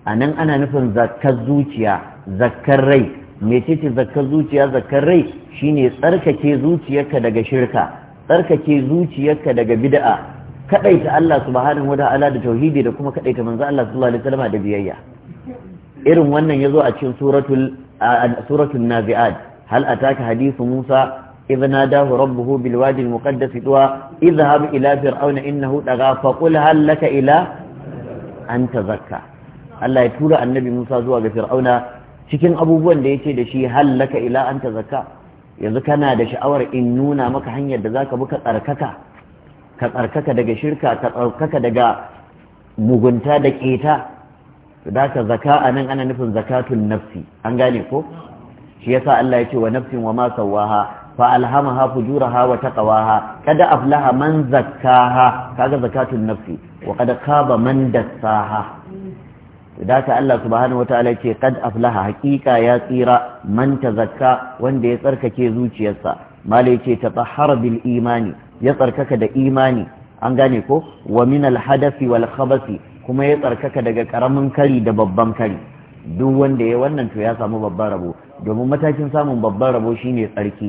a nan ana nufin zakkar zuciya zakkar rai mecece zakkar zuciya zakkar rai shine tsarkake zuciyarka daga shirka tsarkake zuciyarka daga bid'a kadaita Allah subhanahu wa ala da tauhidi da kuma kadaita manzo Allah sallallahu alaihi wasallam da biyayya irin wannan yazo a cikin suratul suratul nazi'at hal ataka hadithu Musa إذ ناداه ربه بالوادي المقدس طوى اذهب إلى فرعون إنه طغى فقل هل لك إلى أن تزكى Allah ya tura annabi Musa zuwa ga Fir'auna cikin abubuwan da yake da shi hallaka ila an tazakka yanzu kana da sha'awar in nuna maka hanyar da zaka bi ka tsarkaka ka tsarkaka daga shirka ka tsarkaka daga mugunta da keta da ka zaka anan ana nufin zakatun nafsi an gane ko shi yasa Allah ya ce wa nafsin wa ma sawaha fa alhamaha fujuraha wa taqwaha kada aflaha man zakkaha kaga zakatun nafsi wa kada khaba man dassaha da ta Allah subhanahu wataala ce kad aflaha hakika ya tsira manta zakka wanda ya tsarkake zuciyarsa malai ta tatahhara bil imani ya tsarkaka da imani an gane ko wa min al hadathi kuma ya tsarkaka daga karamin kari da babban kari duk wanda ya wannan to ya samu babban rabo domin matakin samun babban rabo shine tsarki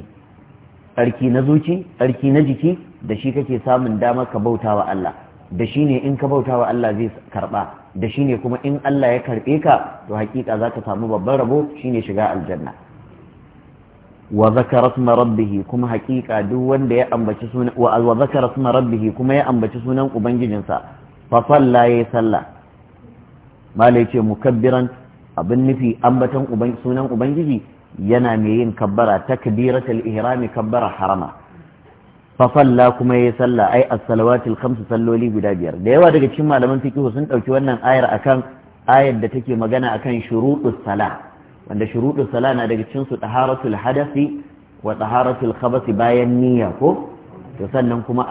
tsarki na zuci tsarki na jiki da shi kake samun dama ka bauta wa Allah da shi ne in ka bauta wa Allah zai karba da shi ne kuma in Allah ya karbe ka to hakika za ka samu babban rabo shi ne shiga aljanna wa zakara suna rabbihi kuma hakika duk wanda ya ambaci sunan wa zakara suna rabbihi kuma ya ambaci sunan ubangijinsa fa salla yayi salla malai ce mukabbiran abin nufi ambatan sunan ubangiji yana mai yin kabbara kabiratul ihrami kabbara harama fa salla kuma yayi sallah ai as-salawatil khams salloli guda biyar da yawa daga cikin malaman fiqh sun dauki wannan ayar akan ayar da take magana akan shurutus sala wanda shurutus sala na daga cikin su taharatul hadasi wa taharatul khabas bayan niyya ko to sannan kuma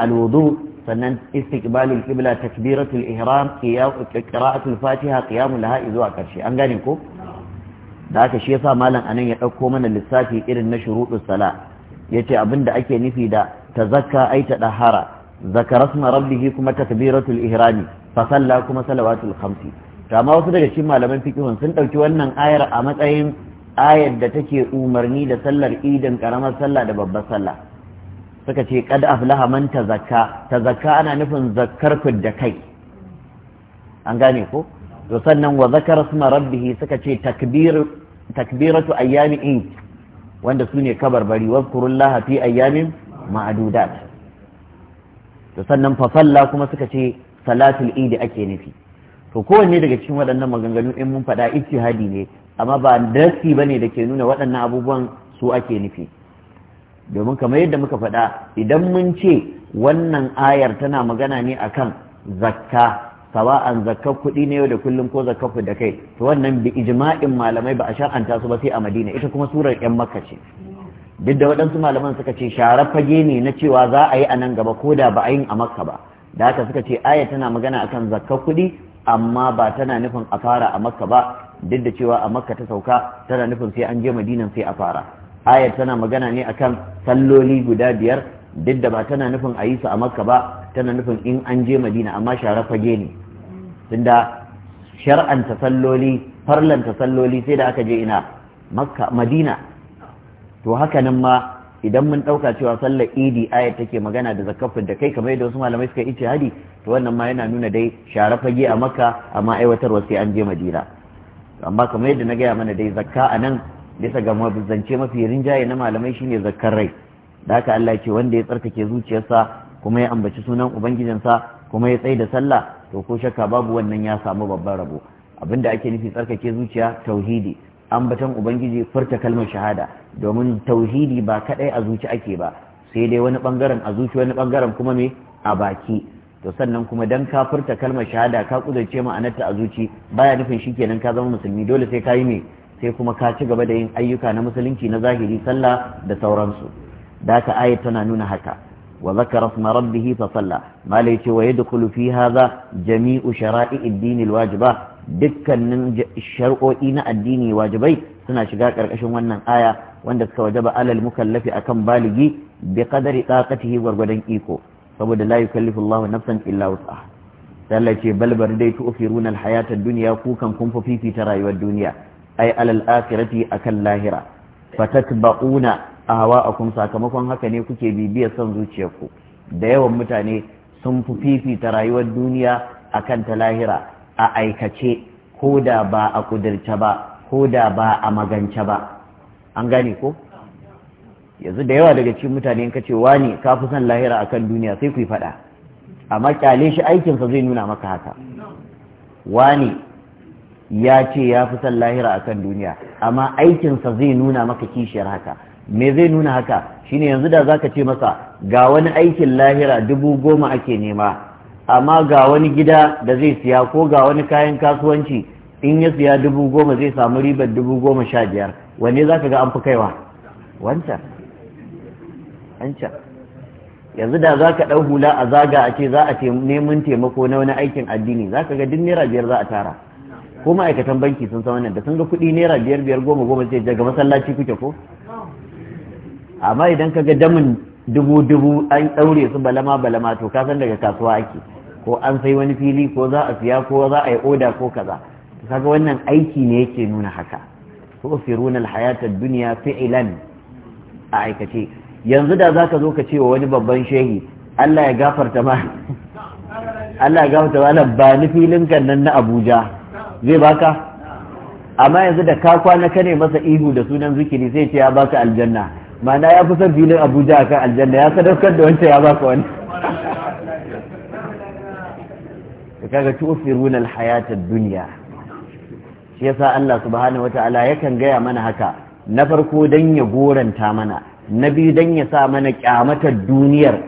al-wudu sannan istiqbalul qibla takbiratul ihram qira'atul fatiha qiyamul laha zuwa karshe an gane ko da aka shi yasa malam anan ya ɗauko mana lissafi irin na shuruɗu sala yace abinda ake nufi da tazakka ai ta dahara zakara sma rabbihi kuma takbiratul ihrami fa salla kuma salawatul khamsi to amma wasu daga cikin malaman fiqhun sun ɗauki wannan ayar a matsayin ayar da take umarni da sallar idon, karamar sallah da babbar sallah suka ce kad aflaha man tazakka tazakka ana nufin zakkar da kai an gane ko to sannan wa zakara suma rabbihi suka ce takbiratu ayyami in wanda su ne kabarbari kurullaha fi ayyamin ma'adudat to sannan fa kuma suka ce salatul idi ake nufi to kowanne daga cikin waɗannan maganganu in mun faɗa ijtihadi ne amma ba dasi bane da ke nuna waɗannan abubuwan su ake nufi domin kamar yadda muka faɗa idan mun ce wannan ayar tana magana ne akan zakka sawa'an zakar kuɗi ne yau da kullum ko zakar ku da kai to wannan bi ijma'in malamai ba a sha'anta su ba sai a madina ita kuma surar yan makka ce duk da waɗansu malaman suka ce sharar fage ne na cewa za a yi a nan gaba ko da ba a yi a makka ba da haka suka ce aya tana magana akan zakar kuɗi amma ba tana nufin a fara a makka ba duk da cewa a makka ta sauka tana nufin sai an je madinan sai a fara aya tana magana ne akan salloli guda biyar duk da ba tana nufin a yi su a makka ba tana nufin in an je madina amma shara fage ne tunda shar'anta salloli farlanta salloli sai da aka je ina makka madina to haka nan ma idan mun ɗauka cewa sallar idi aya take magana da zakafin da kai kamar yadda wasu malamai suka yi hadi to wannan ma yana nuna dai shara fage a makka amma aiwatarwa sai an je madina amma kamar yadda na gaya mana dai zakka a nan bisa ga zance mafi rinjaye na malamai shine zakkar rai da haka Allah ya ce wanda ya tsarkake zuciyarsa kuma ya ambaci sunan ubangijinsa kuma ya tsaye da sallah to ko shakka babu wannan ya samu babban rabo abinda ake nufi tsarkake zuciya tauhidi ambatan ubangiji furta kalmar shahada domin tauhidi ba kadai a zuci ake ba sai dai wani bangaren a zuci wani bangaren kuma me a baki to sannan kuma dan ka furta kalmar shahada ka kudurce ma'anarta a zuci baya nufin shikenan ka zama musulmi dole sai ka yi me sai kuma ka ci gaba da yin ayyuka na musulunci na zahiri sallah da sauransu da aka ayat tana nuna haka وذكر اسم ربه فصلى ما ليت ويدخل في هذا جميع شرائع الدين الواجبة دكا الشرعين الدين واجبي سنة شقاك ركشون ونن آية وندك وجب على المكلف أكم بالغي بقدر طاقته ورغدن إيكو فبد لا يكلف الله نفسا إلا وسعها التي بل برديت أفرون الحياة الدنيا كوكا كنف في في ترايو الدنيا أي على الآخرة أكل لاهرة فتتبعون a hawa a kun sakamakon haka ne kuke bibiyar son zuciyarku da yawan mutane sun fi fifita rayuwar duniya a kan ta lahira a aikace ko da ba a kudirce ba ko da ba a magance ba an gane ko yanzu da yawa daga cikin mutane ka ce wani ka fi son lahira a kan duniya sai ku yi faɗa amma kyale shi aikinsa zai nuna maka haka wani ya ce ya fi son lahira a kan duniya amma aikinsa zai nuna maka kishiyar haka me zai nuna haka shine yanzu da zaka ce masa ga wani aikin lahira dubu goma ake nema amma ga wani gida da zai siya ko ga wani kayan kasuwanci in ya siya dubu goma zai samu ribar dubu goma sha biyar wanne zaka ga an fi kaiwa wancan wancan yanzu da za ka ɗau hula a zaga a ce za a neman taimako na wani aikin addini za ka ga duk naira biyar za a tara ko ma'aikatan banki sun san wannan da sun ga kuɗi naira biyar biyar goma goma sai daga masallaci kuke ko amma idan ka ga damin dubu dubu an ɗaure su balama balama to ka san daga kasuwa ake ko an sai wani fili ko za a siya ko za a yi oda ko kaza to kaga wannan aiki ne yake nuna haka to firuna alhayata duniya dunya fi'lan a aikace yanzu da zaka zo ka ce wa wani babban shehi Allah ya gafarta ma Allah ya gafarta ma ba ni filin kan nan na Abuja zai baka amma yanzu da ka kwana ka ne masa ihu da sunan zikiri sai ce ya baka aljanna mana ya fi son filin abuja akan aljanna ya sadaukar da wancan ya ba baka wani da kaga tu'firuna alhayata dunya shi yasa Allah subhanahu wataala yakan gaya mana haka na farko dan ya goranta mana na biyu dan ya sa mana kyamatar duniyar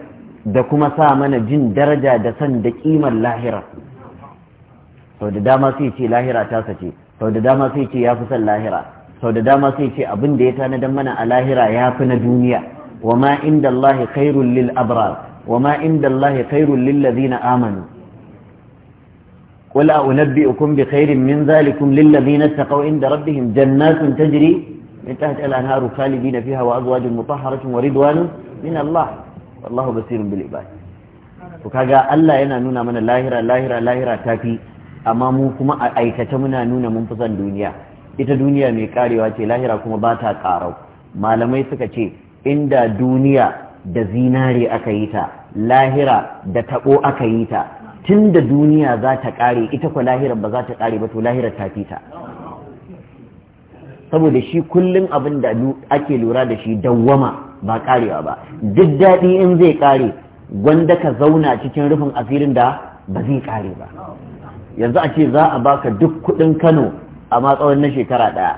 da kuma sa mana jin daraja da san da kimar lahira sau da dama sai ce lahira ta sace sau da dama sai ce ya fi son lahira sau da dama sai ce abin da ya tanadar mana a lahira ya fi na duniya wa ma inda Allah khairul lil abrar wa ma inda Allah khairul lil ladina amanu قل أنبئكم بخير rabbihim ذلكم للذين اتقوا عند ربهم جنات تجري من تحت الأنهار خالدين فيها وأزواج مطهرة ورضوان من الله والله بصير بالعباد kaga Allah yana nuna mana lahira lahira lahira tafi amma mu kuma a aikata muna nuna mun fi son duniya ita duniya mai karewa ce lahira kuma ba ta karau malamai suka ce inda duniya da zinare aka yi ta lahira da taɓo aka yi ta tun da duniya za ta kare ita kwa lahira ba za ta kare ba to lahira ta fi ta saboda shi kullum abin da ake lura da shi dawwama ba karewa ba duk daɗi in zai kare gwanda ka zauna cikin rufin asirin da ba zai kare ba yanzu a ce za a baka duk kuɗin kano amma tsawon na shekara ɗaya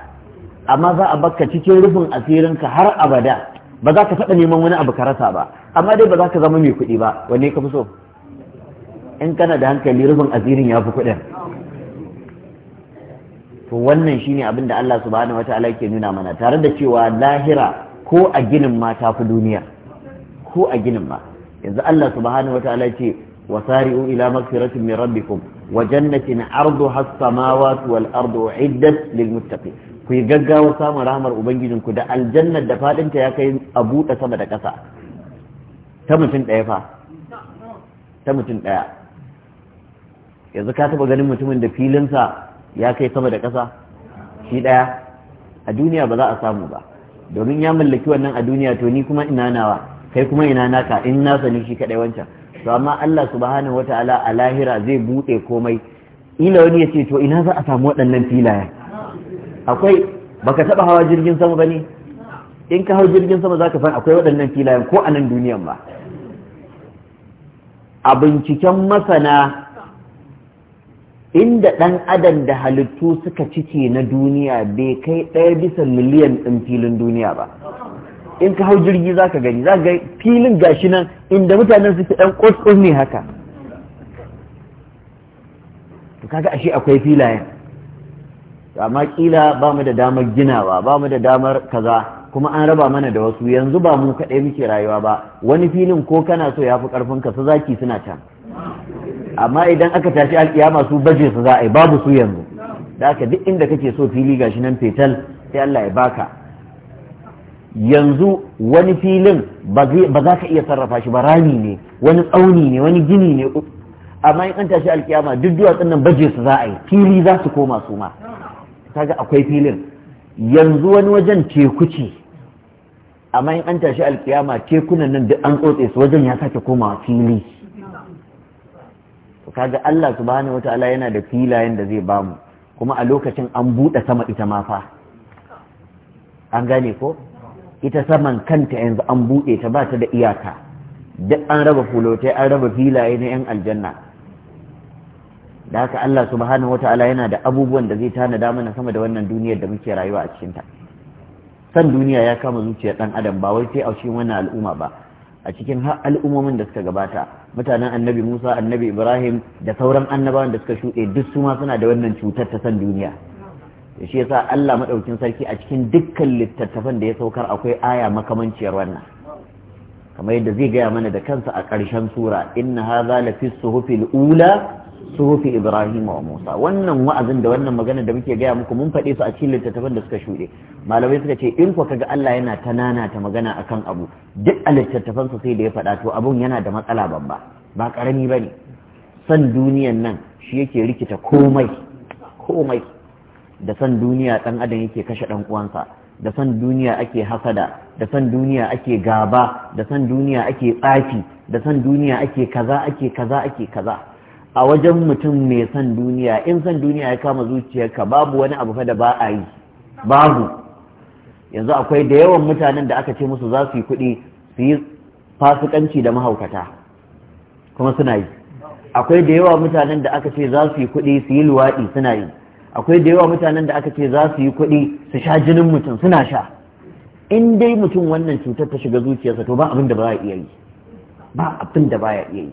amma za a baka cikin rufin ka har abada ba za ka faɗa neman wani abu ka rasa ba amma dai ba za ka zama mai kuɗi ba wanne ka fi so in kana da hankali rufin asirin ya fi kuɗin to wannan shine abin da Allah subhanahu wataala yake nuna mana tare da cewa lahira ko a ginin ma ta fi duniya ko a ginin ma yanzu Allah subhanahu wataala ce wasari'u ila magfiratin min rabbikum وجنة عرضها السماوات والأرض أعدت للمتقين ku yi gaggawa samun rahamar ubangijinku da aljannar da fadinta ya kai abu da sama da ƙasa ta mutum daya fa ta mutum ɗaya yanzu ka taɓa ganin mutumin da filinsa ya kai sama da ƙasa shi daya a duniya ba za a samu ba domin ya mallaki wannan a duniya to ni kuma ina nawa kai kuma ina naka in na sani shi kadai wancan to amma Allah subhanahu wataala a lahira zai buɗe komai ila wani ya ce to ina za a samu waɗannan filaye? akwai baka taɓa hawa jirgin sama ba ne? in ka hau jirgin sama za ka san akwai waɗannan filayen ko a nan duniyan ba a binciken masana inda ɗan adam da halittu suka cike na duniya bai kai ɗaya bisa miliyan ɗin filin duniya ba in ka hau jirgi za ka gani za ga filin gashi nan inda mutanen suke ɗan ƙos ne haka to kaga ashe akwai filayen amma kila ba mu da damar ginawa ba mu da damar kaza kuma an raba mana da wasu yanzu ba mu kaɗai muke rayuwa ba wani filin ko kana so ya fi ƙarfin ka su zaki suna can amma idan aka tashi alƙiyama su baje su za a yi babu su yanzu da aka duk inda kake so fili gashi nan fetal sai Allah ya baka yanzu wani filin ba za ka iya sarrafa shi ba rami ne wani tsauni ne wani gini ne amma in an tashi alkiyama duk duwatsun nan baje su za a yi fili za su koma su ma kaga akwai filin yanzu wani wajen teku ce amma in an tashi alkiyama tekunan nan duk an tsotse su wajen ya sake komawa fili kaga Allah subhanahu wataala yana da filayen da zai bamu kuma a lokacin an buɗe sama ita ma fa an gane ko ita saman kanta yanzu an buɗe ta ba ta da iyaka duk an raba fulotai an raba filaye na 'yan aljanna da haka Allah subhanahu wa ta'ala yana da abubuwan da zai tanada mana sama da wannan duniyar da muke rayuwa a cikinta san duniya ya kama zuciyar dan adam ba wai sai a cikin wannan al'umma ba a cikin al'ummomin da suka gabata mutanen annabi Musa annabi Ibrahim da sauran annabawan da suka shuɗe duk su ma suna da wannan cutar ta san duniya shi yasa Allah madaukin sarki a cikin dukkan littattafan da ya saukar akwai aya makamanciyar wannan kamar yadda zai gaya mana da kansa a ƙarshen sura inna hadha la fi suhufil ula suhufi ibrahim wa musa wannan wa'azin da wannan magana da muke gaya muku mun faɗe su a cikin littattafan da suka shuɗe malamai suka ce in ka kaga Allah yana ta nana ta magana akan abu duk a littattafan sai da ya faɗa to abun yana da matsala babba ba karami bane san duniyan nan shi yake rikita komai komai da san duniya ɗan adam yake kashe ɗan uwansa da san duniya ake hasada da san duniya ake gaba da san duniya ake tsafi da san duniya ake kaza ake kaza ake kaza a wajen mutum mai san duniya in san duniya ya kama zuciyarka babu wani abu fa da ba a yi babu yanzu akwai da yawan mutanen da aka ce musu za su yi kuɗi su yi fasikanci da mahaukata kuma suna yi akwai da yawa mutanen da aka ce za su yi kuɗi su yi luwaɗi suna yi akwai da yawa mutanen da aka ce za su yi kuɗi su sha jinin mutum suna sha in dai mutum wannan cutar ta shiga zuciyarsa to ba abin da ba iya yi ba abin da ba iya yi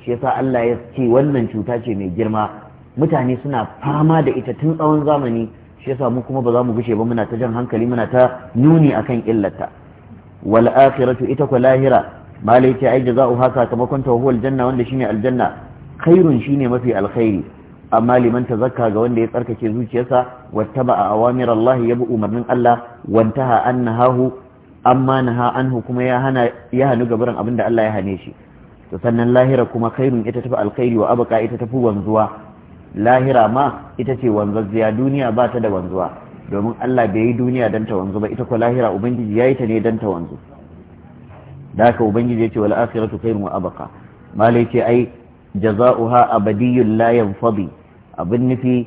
shi yasa Allah ya ce wannan cuta ce mai girma mutane suna fama da ita tun tsawon zamani shi yasa mu kuma ba za mu gushe ba muna ta jan hankali muna ta nuni akan illarta wal akhiratu ita ko lahira malai ce ai jaza'u haka kamakon tawhul janna wanda shine aljanna khairun shine mafi alkhairi amma liman zakka ga wanda ya tsarkake zuciyarsa wattaba a awamir Allah ya bi umarnin Allah wantaha an nahahu amma naha anhu kuma ya hana ya hanu ga abin da Allah ya hane shi to sannan lahira kuma khairun ita tafi alkhairi wa abqa ita tafi wanzuwa lahira ma ita ce wanzazziya duniya ba ta da wanzuwa domin Allah bai yi duniya dan ta wanzu ba ita ko lahira ubangiji yayi ta ne dan ta wanzu da haka ubangiji ya ce wal akhiratu khairun wa abqa malai ce ai jaza'uha abadiyyun la yanfadi abin nufi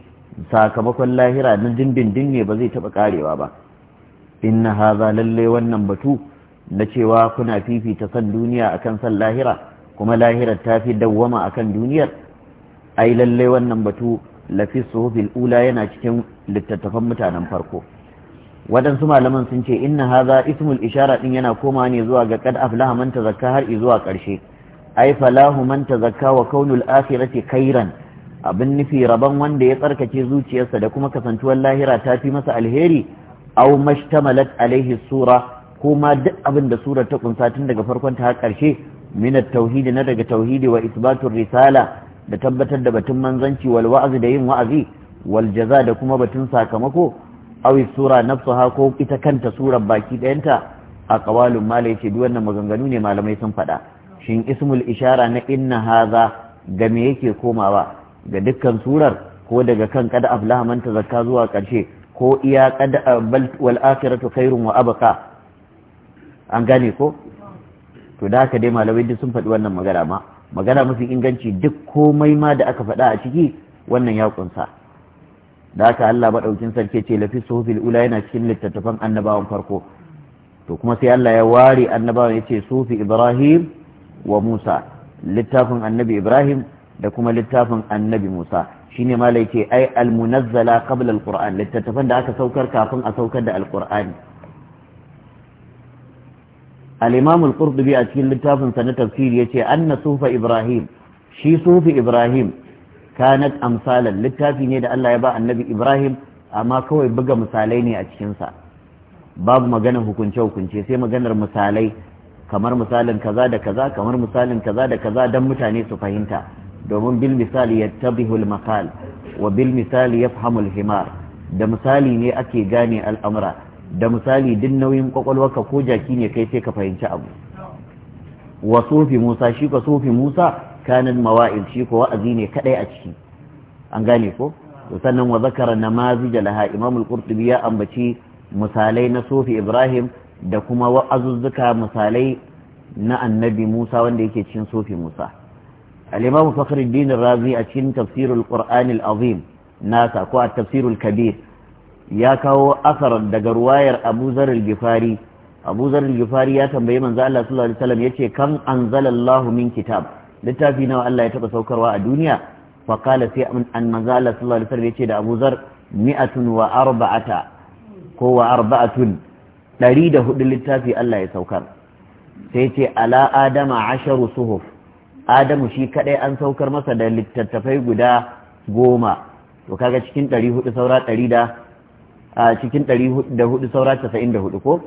sakamakon lahira na dindindin ne ba zai taɓa ƙarewa ba na haza lalle wannan batu na cewa kuna fifita san duniya akan san lahira kuma lahirar ta fi dawwama akan duniyar ai lalle wannan batu lafi suhufil ula yana cikin littattafan mutanen farko waɗansu malaman sun ce inna haza ismul ishara din yana koma ne zuwa ga kad aflaha man tazakka har zuwa ƙarshe ai falahu man tazakka wa kaunul akhirati khairan abin nufi rabon wanda ya tsarkake zuciyarsa da kuma kasantuwar lahira ta fi masa alheri aw mashtamalat alaihi sura ko ma duk abin da sura ta kunsa tun daga farkon ta har karshe min at na daga tauhidi wa isbatur risala da tabbatar da batun manzanci wal wa'azi da yin wa'azi wal jaza da kuma batun sakamako aw sura nafsaha ko ita kanta surar baki dayanta a qawalun mala duk wannan maganganu ne malamai sun faɗa shin ismul ishara na inna haza ga me yake komawa ga dukkan surar ko daga kan kada aflaha zakka zuwa ƙarshe ko iya kada bal wal akhiratu khairun wa abqa an gane ko to da haka dai malamai duk sun faɗi wannan magana ma magana mafi inganci duk komai ma da aka faɗa a ciki wannan ya kunsa da haka Allah maɗaukin sarki ce lafi suhufil ula yana cikin littattafan annabawan farko to kuma sai Allah ya ware annabawan ya ce sufi Ibrahim wa Musa littafin annabi Ibrahim da kuma littafin annabi Musa shine mala yake ai almunazzala qabla alquran littattafan da aka saukar kafin a saukar da alqur'ani al-imam al-qurtubi a cikin littafin sa na tafsiri yace anna sufa ibrahim shi sufi ibrahim kanat amsalan littafi ne da Allah ya ba annabi ibrahim amma kawai buga misalai ne a cikin sa babu magana hukunce hukunce sai maganar misalai kamar misalin kaza da kaza kamar misalin kaza da kaza dan mutane su fahimta domin bil misali ya tabihul makal wa bil misali yafhamul himar da misali ne ake gane al'amura da misali duk nauyin kwakwalwarka ko jaki ne kai sai ka fahimci abu wa sufi musa shi ka sufi musa kanin mawa'il shi ko wa'azi ne kadai a ciki an gane ko sannan wa zakara namazija laha imamul qurtubi ya ambaci misalai na sufi ibrahim da kuma wa'azuzzuka misalai na annabi musa wanda yake cikin sufi musa alimamu imam fakhruddin razi a cikin tafsirul qur'an al-azim nasa ko a tafsirul kabir ya kawo asar daga ruwayar abu zar al-gifari ya tambayi manzo Allah sallallahu alaihi wasallam yace kam anzalallahu min kitab littafi nawa Allah ya taba saukarwa a duniya fa qala sai an manzo Allah sallallahu alaihi wasallam yace da abu zar wa arba'ata ko wa arba'atun ɗari da hudu littafi Allah ya saukar sai ce ala adama asharu suhuf adamu shi kadai an saukar masa da littattafai guda goma to kaga cikin ɗari hudu saura ɗari da a cikin ɗari da hudu saura casa'in da hudu ko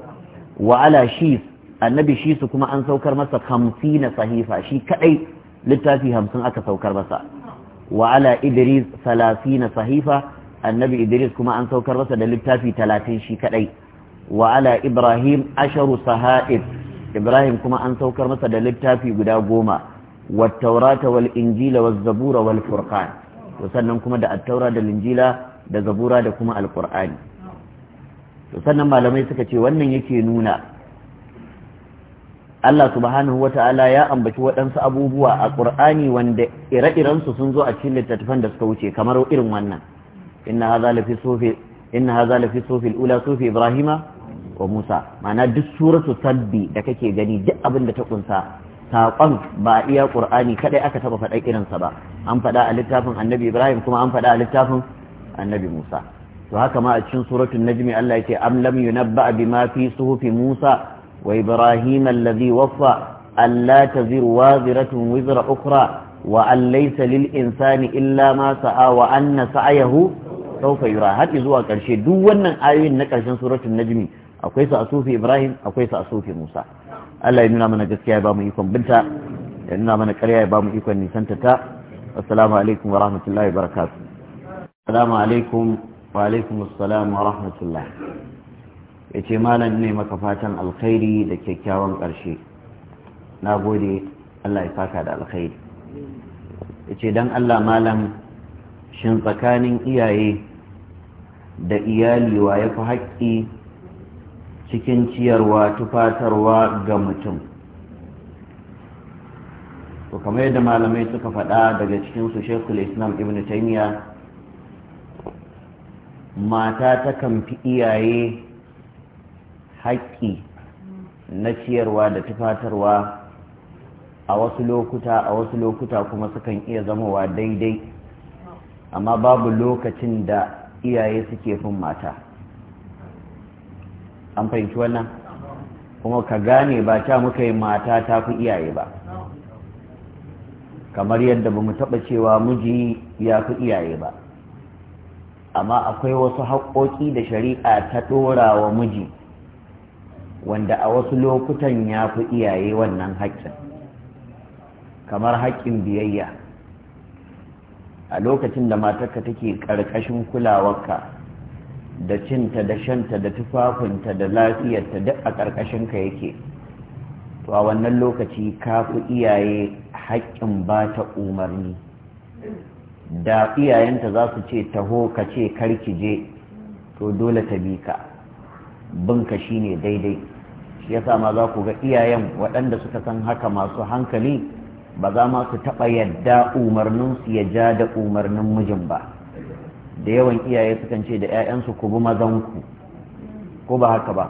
wa ala shi annabi shi su kuma an saukar masa hamsi na sahifa shi kadai littafi hamsin aka saukar masa wa ala idris salasi na sahifa annabi idris kuma an saukar masa da littafi talatin shi kadai wa ala ibrahim asharu saha'ib ibrahim kuma an saukar masa da littafi guda goma wattaurata wal injila wa zabura wal furqan to sannan kuma da attaura da linjila da zabura da kuma alqur'ani to sannan malamai suka ce wannan yake nuna Allah subhanahu wata'ala ya ambaci waɗansu abubuwa a ƙur'ani wanda ire-irensu sun zo a cikin littattafan da suka wuce kamar irin wannan inna hadha lafi sufi sufi ula sufi ibrahima wa Musa ma'ana duk suratu sabbi da kake gani duk abin da ta kunsa saƙon ba a iya ƙur'ani kaɗai aka taɓa faɗa irinsa ba an faɗa a littafin annabi ibrahim kuma an faɗa a littafin annabi musa to haka ma a cikin suratul najmi Allah ce am lam yunabba bima fi suhufi musa wa ibrahim alladhi waffa alla taziru waziratun wizra ukra. wa an laysa lil insani illa ma sa'a wa anna sa'yahu sawfa yura har zuwa ƙarshe duk wannan ayoyin na ƙarshen suratul najmi akwai su a sufi ibrahim akwai su a sufi musa Allah ya nuna mana gaskiya ya ba mu ikon binta ya nuna mana ƙarya ya ba mu ikon nisanta ta assalamu alaikum wa rahmatullahi wa assalamu alaikum wa alaikum assalam wa rahmatullah yace malam ne maka fatan alkhairi da kyakkyawan ƙarshe na gode Allah ya faka da alkhairi yace dan Allah malam shin tsakanin iyaye da iyali wa ya fi haƙƙi cikin ciyarwa tufatarwa ga mutum to kamar yadda malamai suka faɗa daga cikinsu shekul islam ibn taimiyya mata takan fi iyaye haƙƙi na ciyarwa da tufatarwa a wasu lokuta a wasu lokuta kuma sukan iya zamowa daidai amma babu lokacin da iyaye suke fin mata an fahimci wannan kuma ka gane ba ta muka yi mata ta fi iyaye ba kamar yadda ba mu taɓa cewa miji ya fi iyaye ba amma akwai wasu haƙoƙi da shari'a ta ɗora wa miji wanda a wasu lokutan ya fi iyaye wannan haƙƙin kamar haƙƙin biyayya a lokacin da matarka take ƙarƙashin kulawarka da cinta da shanta da tufafinta da lafiyarta duk a ƙarƙashin ka yake to a wannan lokaci ka fi iyaye haƙƙin ba ta umarni da iyayenta za su ce taho ka ce karki je to dole ta bi ka binka ne daidai shi ya ma za ku ga iyayen waɗanda suka san haka masu hankali ba za ma su taɓa yadda umarninsu ya ja da umarnin mijin ba da yawan iyaye sukan ce da 'ya'yansu ku bi ku? ko ba haka ba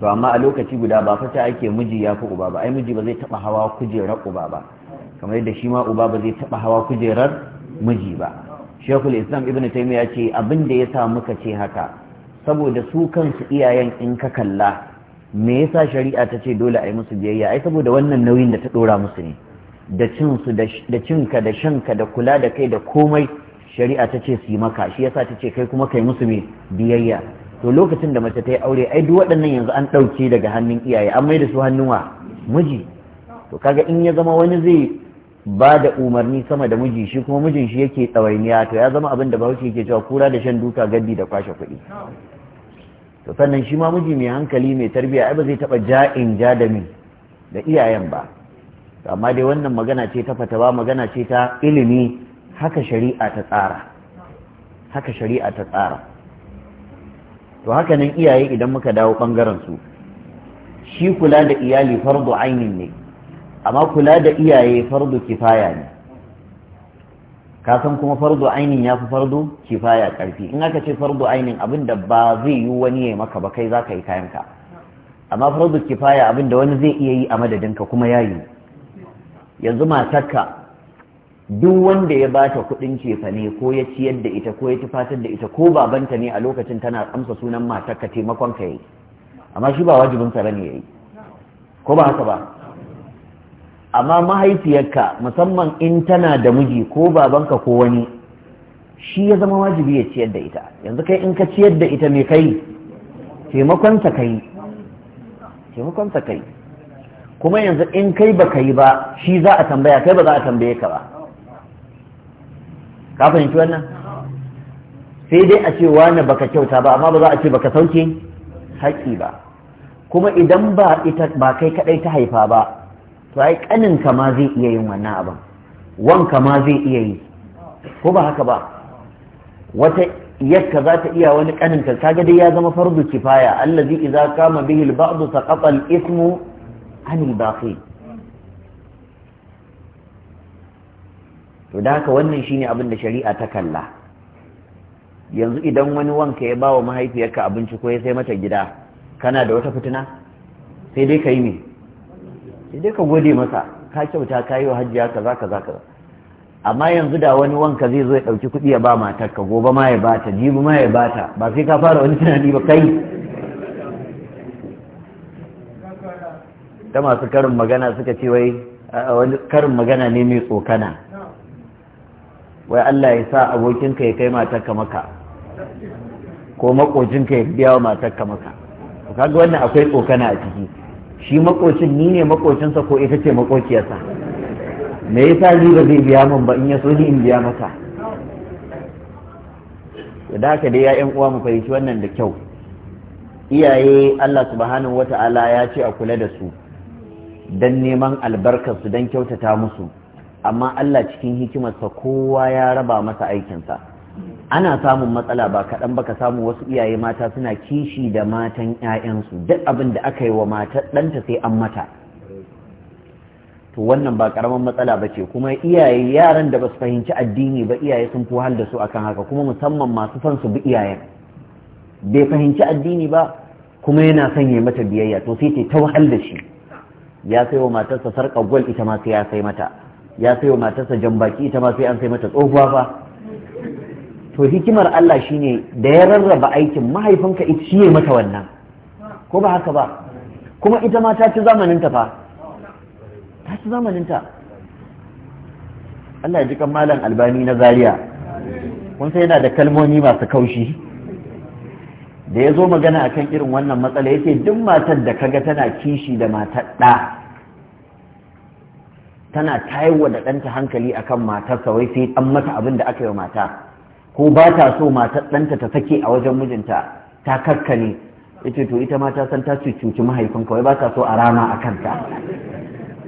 to amma a lokaci guda ba fata ake miji ya fi uba ba ai miji ba zai taba hawa kujerar uba ba kamar yadda shi ma uba ba zai taba hawa kujerar miji ba shekul islam ibn ya ce abin da ya sa muka ce haka saboda su kansu iyayen in ka kalla me yasa shari'a ta ce dole a yi musu biyayya ai saboda wannan nauyin da ta ɗora musu ne da cin da cinka da shanka da kula da kai da komai shari'a ta ce su yi maka shi yasa ta ce kai kuma kai musu mai biyayya to lokacin da mace ta yi aure ai duk waɗannan yanzu an ɗauke daga hannun iyaye an maida su hannun wa miji to kaga in ya zama wani zai ba da umarni sama da miji shi kuma mijin shi yake tsawainiya to ya zama abin da bahaushe ke cewa kura da shan duka gaddi da kwashe kuɗi to sannan shi ma miji mai hankali mai tarbiyya ai ba zai taɓa in ja da mi da iyayen ba amma dai wannan magana ce ta fata fatawa magana ce ta ilimi haka shari'a ta tsara haka shari'a ta tsara to haka nan iyaye idan muka dawo bangaren su shi kula da iyali fardu ainin ne amma kula da iyaye fardu kifaya ne ka san kuma fardu ainin ya fi fardu kifaya karfi in aka ce fardu ainin abin da ba zai yi wani ya maka ba kai za ka yi kayanka amma fardu kifaya abin da wani zai iya yi a madadinka kuma ya yi yanzu matarka duk wanda ya ba kudin kuɗin ne ko ya ciyar da ita ko ya tufatar da ita ko babanta ne a lokacin tana amsa sunan matar ka taimakon ka yi amma shi ba wajibin sa bane yayi ko ba haka ba amma mahaifiyarka musamman in tana da miji ko babanka ko wani shi ya zama wajibi ya ciyar da ita yanzu kai in ka ciyar da ita me kai taimakon ta kai taimakon ta kai kuma yanzu in kai ba yi ba shi za a tambaya kai ba za a tambaye ka ba ka fahimci wannan sai dai a ce wani baka kyauta ba amma ba za a ce baka sauke haƙi ba kuma idan ba ita ba kai kadai ta haifa ba to ai kanin ka ma zai iya yin wannan abin wanka ma zai iya yi ko ba haka ba wata yakka za ta iya wani kanin ka kaga dai ya zama fardu kifaya allazi idza kama bihi al-ba'd saqata al-ismu 'an baqi to da haka wannan shine abin da shari'a ta kalla yanzu idan wani wanka ya bawa mahaifiyarka abinci ko ya sai mata gida kana da wata fitina sai dai ka yi me sai dai ka gode masa ka kyauta ka yi wa hajjiya kaza kaza kaza amma yanzu da wani wanka zai zo ya ɗauki kuɗi ya ba matarka gobe ma ya bata jibi ma ya bata ba sai ka fara wani tunani ba kai ta masu karin magana suka ce wai wani karin magana ne mai tsokana wai Allah ya sa abokinka ya kai matarka maka ko makocinka ya biya wa matarka maka kaga wannan akwai tsokana a ciki shi makocin ni ne makocinsa ko ita ce makociyarsa me yasa ni ba zai biya min ba in ya so ni in biya masa da haka dai ya'yan uwa mu fahimci wannan da kyau iyaye Allah subhanahu wata'ala ya ce a kula da su don neman albarkarsu don kyautata musu amma Allah cikin hikimarsa kowa ya raba masa aikinsa ana samun matsala ba kaɗan baka samu wasu iyaye mata suna kishi da matan 'ya'yansu duk abin da aka yi wa mata ɗanta sai an mata to wannan ba ƙaramin matsala ba ce kuma iyaye yaran da ba su fahimci addini ba iyaye sun fi da su akan haka kuma musamman masu son su bi iyayen bai fahimci addini ba kuma yana son ya mata biyayya to sai ta wahal da shi ya sai wa matarsa sarƙa gwal ita ma sai ya sai mata ya sayo matarsa Jan baki ita ma sai an sai mata tsohuwa fa to hikimar Allah shine da ya rarraba aikin mahaifinka ita shi mata wannan ko ba haka ba kuma ita ma ta ci zamaninta fa ta ci zamaninta Allah ya ji kan malam albani na zaria kun sai yana da kalmomi masu kaushi da ya zo magana akan irin wannan matsala yace duk matar da kaga tana kishi da matar ɗa tana tayarwa da ɗanta hankali akan matarsa wai sai ɗan mata abin da aka yi wa mata ko ba ta so matar ɗanta ta sake a wajen mijinta ta ya ita to ita ma ta san ta cuci mahaifin kawai ba ta so a rama a kanta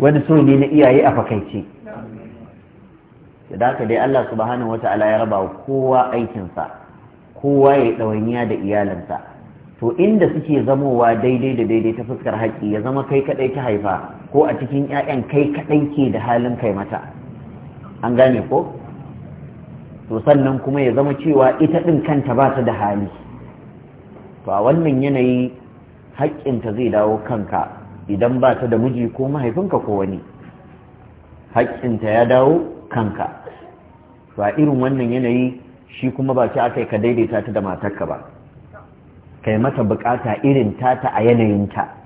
wani so ne na iyaye a fakaice da haka dai Allah subhanahu wata'ala ya raba kowa aikinsa kowa ya yi ɗawainiya da iyalinsa to inda suke zamowa daidai da daidai ta fuskar haƙƙi ya zama kai kaɗai ta haifa ko a cikin 'ya'yan kai kaɗai ke da halin kai mata an gane ko to sannan kuma ya zama cewa ita ɗin kanta ba ta da hali to a wannan yanayi haƙƙinta zai dawo kanka idan ba ta da miji ko mahaifinka ko wani haƙƙinta ya dawo kanka to irin wannan yanayi shi kuma ba ce aka yi ka daidaita ta da matarka ba kai mata bukata irin tata a yanayinta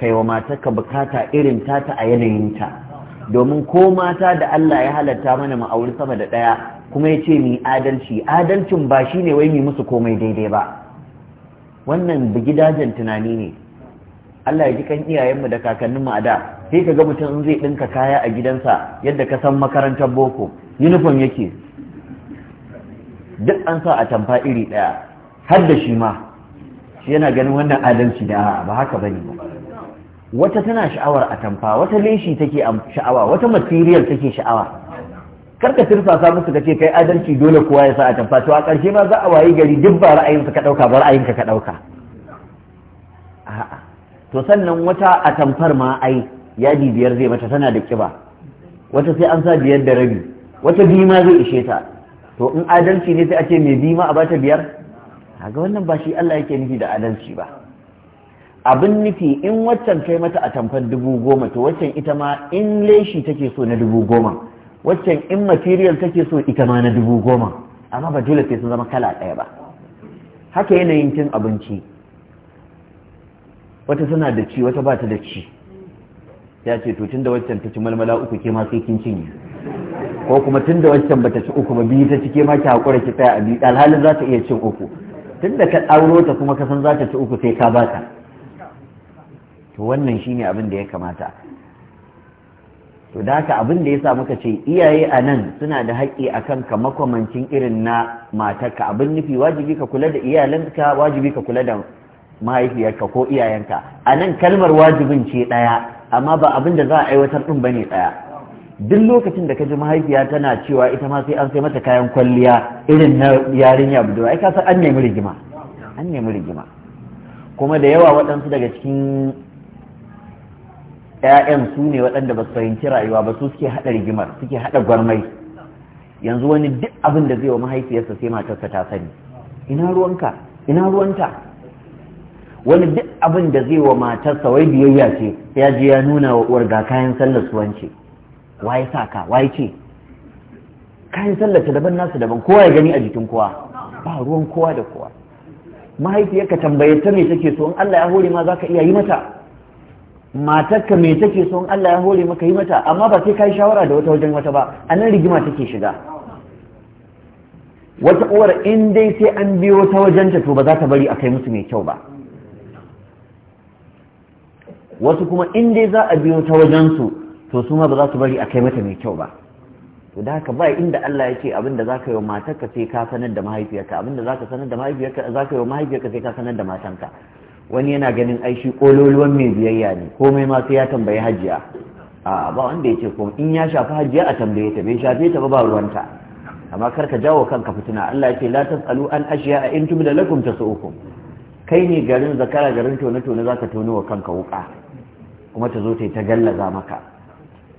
kai wa matarka bukata irin tata a yanayinta domin ko mata da Allah ya halatta mana mu auri sama da ɗaya kuma ya ce ni adalci adalcin ba shi ne wai mai musu komai daidai ba wannan gidajen tunani ne Allah ya ji kan iyayenmu da kakanninmu a da sai ka ga mutum in zai ɗinka kaya a gidansa yadda ka san makarantar boko uniform yake duk an sa a tamfa iri ɗaya har da shi ma shi yana ganin wannan adalci da ba haka bane ba wata tana sha'awar atamfa wata leshi take sha'awa wata material take sha'awa karka sa musu ka ce kai adalci dole kowa ya sa a tamfa to a ƙarshe ma za a wayi gari duk ba ra'ayin ka ɗauka ba ra'ayinka ka ɗauka a'a to sannan wata atamfar ma ai yadi biyar zai mata tana da kiba wata sai an sa biyar da rabi wata biyu ma zai ishe ta to in adalci ne sai a ce mai biyu ma a bata biyar kaga wannan ba shi Allah yake nufi da adalci ba abin nufi in waccan kai mata a tamfan dubu goma to waccan ita ma in leshi take so na dubu goma waccan in material take so ita ma na dubu goma amma ba dole sai sun zama kala ɗaya ba haka yanayin cin abinci wata suna da ci wata ba ta da ci ya ce to tun da waccan ta ci malmala uku ke ma sai kin cinye ko kuma tun da waccan bata ci uku ba biyu ta ci ke ma ki hakura ki tsaya a biyu alhalin za ta iya cin uku tun da ka ɗauro ta kuma ka san za ta ci uku sai ka ba ta to wannan shine abin da ya kamata to da haka abin da ya sa muka ce iyaye a nan suna da haƙƙi a kanka makwamancin irin na matarka abin nufi wajibi ka kula da iyalanka wajibi ka kula da mahaifiyarka ko iyayenka a nan kalmar wajibin ce ɗaya amma ba abin da za a aiwatar ɗin ba ne ɗaya duk lokacin da ka ji mahaifiya tana cewa ita ma sai an sai mata kayan kwalliya irin na yarinya budurwa ai ka san an nemi rigima an nemi rigima kuma da yawa waɗansu daga cikin ƴaƴan su ne waɗanda ba su fahimci rayuwa ba su suke haɗa rigimar suke haɗa gwarmai yanzu wani duk abin da zai wa mahaifiyarsa sai matarsa ta sani ina ruwanka ina ruwanta wani duk abin da zai wa matarsa wai biyayya ce ya je ya nuna wa uwar ga kayan sallar su wance waye sa ka waye ce kayan sallar ta daban nasu daban kowa ya gani a jikin kowa ba ruwan kowa da kowa mahaifiyarka tambaye ta me take so in Allah ya hore ma zaka iya yi mata matarka me take son Allah ya hore maka yi mata amma ba sai kai shawara da wata wajen wata ba a nan rigima take shiga wata uwar in dai sai an biyo ta wajenta to ba za ta bari a kai musu mai kyau ba wasu kuma in dai za a biyo ta wajensu to su ma ba za su bari a kai mata mai kyau ba to da haka ba inda Allah ya ce abinda za ka yi wa matarka sai ka sanar da mahaifiyarka abinda za ka sanar da mahaifiyarka za ka yi wa mahaifiyarka sai ka sanar da matanka wani yana ganin aishi ƙololuwan mai biyayya ne komai ma sai ya tambayi hajiya a ba wanda ya ce ko in ya shafi hajiya a tambaye ta bai shafe ta ba ba ruwanta amma kar ka jawo kanka fitina Allah ya ce la tasalu an ashiya in tubda lakum uku. kai ne garin zakara garin tone tone zaka tono wa kanka wuka kuma ta zo ta yi ta gallaza maka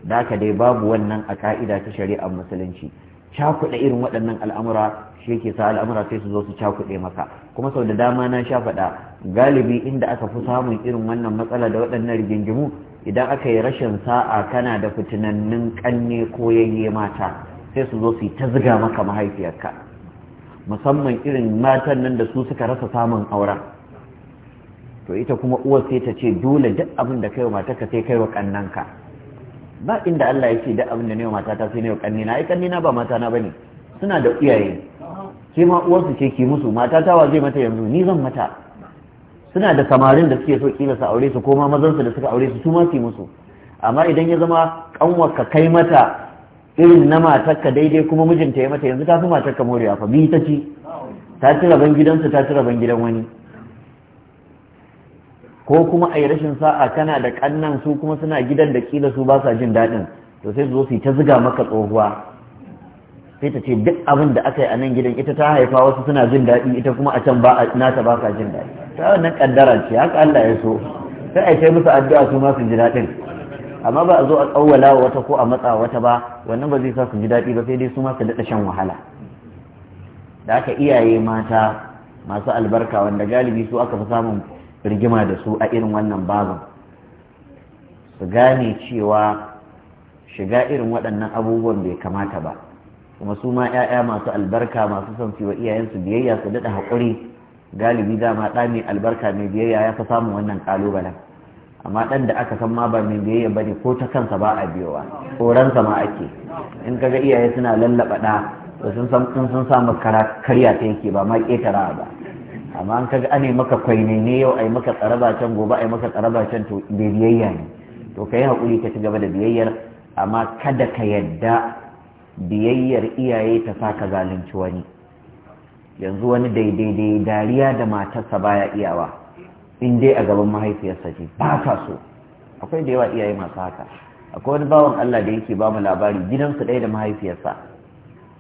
da ka dai babu wannan a ka'ida ta shari'ar musulunci cakuɗe irin waɗannan al'amura shi yake sa al'amura sai su zo su cakuɗe maka kuma sau da dama na sha faɗa galibi inda aka fi samun irin wannan matsala da waɗannan rigingimu idan aka yi rashin sa'a kana da fitinannin ƙanne ko yayye mata sai su zo su yi ta ziga maka mahaifiyarka musamman irin matan nan da su suka rasa samun auren to ita kuma uwar sai ta ce dole duk abin da kai wa matarka sai kai wa ƙannanka ba inda Allah ya ce da abin da ne mata ta sai ne kanni na ai kanni na ba mata na bane suna da iyaye ke ma su ce ki musu mata wa zai mata yanzu ni zan mata suna da samarin da suke so kila su aure su ko ma mazan su da suka aure su su ma su musu amma idan ya zama ka kai mata irin na matarka daidai kuma mijinta ya mata yanzu ta fi ka morewa fa bi ta ci ta ci rabon gidansu ta ci rabon gidan wani ko kuma a yi rashin sa'a kana da kannan su kuma suna gidan da kila su ba sa jin daɗin to sai zo su ta ziga maka tsohuwa sai ta ce duk abin da aka yi a nan gidan ita ta haifa wasu suna jin daɗi ita kuma a can ba nata ba sa jin daɗi ta wannan kaddara ce haka Allah ya so sai a kai musu addu'a su ma su ji daɗin amma ba a zo a tsawwala wata ko a matsa wata ba wannan ba zai sa su ji daɗi ba sai dai su ma su daɗa shan wahala da aka iyaye mata masu albarka wanda galibi su aka fi samun rigima da su a irin wannan babin su gane cewa shiga irin waɗannan abubuwan bai kamata ba kuma su ma 'ya'ya masu albarka masu son wa iyayensu biyayya su daɗa haƙuri galibi dama ɗa mai albarka mai biyayya ya fi samun wannan ƙalubalen amma ɗan da aka san ma ba mai biyayya ba ne ko ta kansa ba a biyowa tsoronsa ma ake in kaga iyaye suna lallaɓa ɗa da sun san sun sa karya ta yake ba ma ƙetara ba amma an kaga ane maka kwaine ne yau ai maka tsaraba can gobe ai maka tsaraba can to bai biyayya ne to kai hakuri ka ci gaba da biyayyar amma kada ka yadda biyayyar iyaye ta sa ka zalunci wani yanzu wani daidai dariya da matarsa baya iyawa in dai a gaban mahaifiyarsa ce ba ka so akwai da yawa iyaye masu haka akwai wani bawan Allah da yake ba mu labari gidansu ɗaya da mahaifiyarsa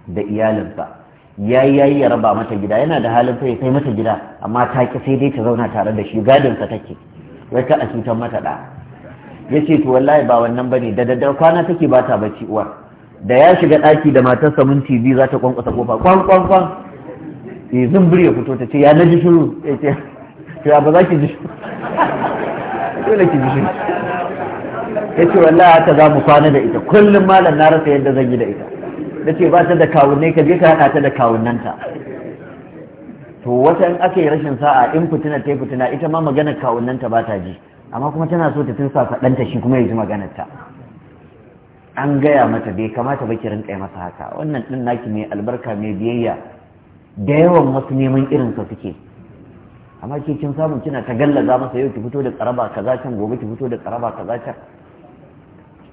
da iyalinsa ya yi yi ya raba mata gida yana da halin fa ya kai mata gida amma ta ki sai dai ta zauna tare da shi gadin ka take wai ka a cutar mata da yace to wallahi ba wannan bane da da kwana take ba ta bacci uwar da ya shiga daki da matarsa mun TV za ta kwankwasa kofa kwan kwan kwan eh zumbure ya fito ta ce ya na ji shiru ce to ya ba za ki ji shiru dole ki ji shiru yace wallahi haka za mu kwana da ita kullum malam na rasa yadda zan yi da ita da ce ba ta da kawunne ka je ka haɗa ta da kawunnanta to wata in aka yi rashin sa'a in fitina ta fitina ita ma maganar kawunnanta ba ta ji amma kuma tana so ta tursa ɗanta shi kuma ya ji ta an gaya mata bai kamata ba ki rinƙa masa haka wannan ɗin naki mai albarka mai biyayya da yawan wasu neman irin sa suke amma ke kin samu kina ta gallaza masa yau ki fito da tsaraba kaza can gobe ki fito da tsaraba kaza can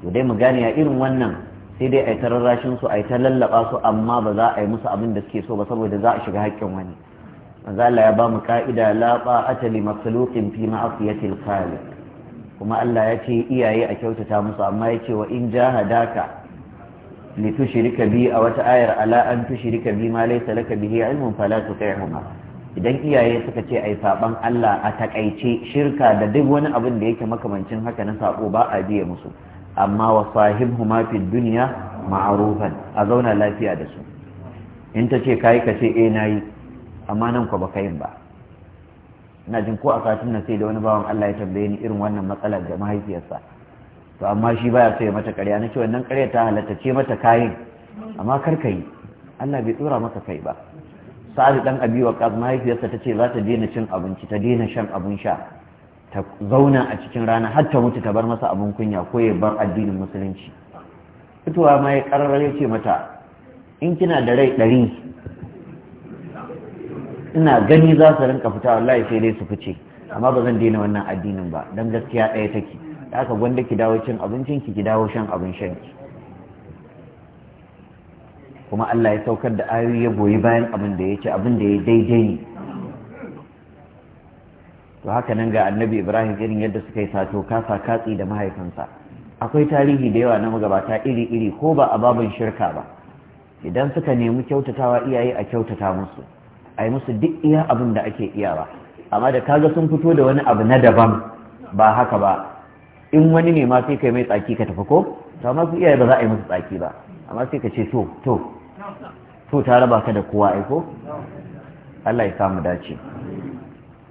to dai mu gane a irin wannan sai dai a yi ta rarrashin su a yi ta lallaba su amma ba za a yi musu abin da suke so ba saboda za a shiga haƙƙin wani manzo ya ba mu ka'ida la ba'ata li makhluqin fi ma'asiyatil khaliq kuma Allah ya ce iyaye a kyautata musu amma ya ce wa in jahadaka li tushrika bi a wata ayar ala an tushrika bi ma laysa laka bihi ilmun fala tuti'huma idan iyaye suka ce ai saban Allah a takaice shirka da duk wani abin da yake makamancin haka na sako ba a biye musu amma wa huma fi duniya ma'rufan a zauna lafiya da su in ta ce kayi ka ce eh yi amma nan ko ka yin ba ina jin ko a satin na sai da wani bawan Allah ya tambaye ni irin wannan matsalar da mahaifiyarsa to amma shi baya sai mata ƙarya na ce wannan ƙarya ta halatta ce mata kayin amma kar ka yi Allah bai tsora maka kai ba sa'ad dan abi wa mahaifiyarsa ta ce za ta daina cin abinci ta daina shan abun sha ta zauna a cikin rana har ta mutu ta bar masa abin kunya ko ya bar addinin musulunci fitowa ma ya karar ya ce mata in kina da rai ɗari ina gani za su rinka fita wallahi sai dai su fice amma ba zan daina wannan addinin ba don gaskiya ɗaya take da aka gwanda ki dawo cin abincin ki ki dawo shan abin shan ki kuma Allah ya saukar da ayoyi ya goyi bayan abin da ya ce abin da ya daidai ne to haka nan ga annabi ibrahim irin yadda suka yi sato kasa katsi da mahaifinsa akwai tarihi da yawa na magabata iri-iri ko ba a babin shirka ba idan suka nemi kyautatawa iyaye a kyautata musu a yi musu duk iya abin da ake ba amma da kaga sun fito da wani abu na daban ba haka ba in wani ne ma sai kai mai tsaki ka tafi ko to amma su iyaye ba za a yi musu tsaki ba amma sai ka ce to to to ta raba ka da kowa ko? Allah ya samu dace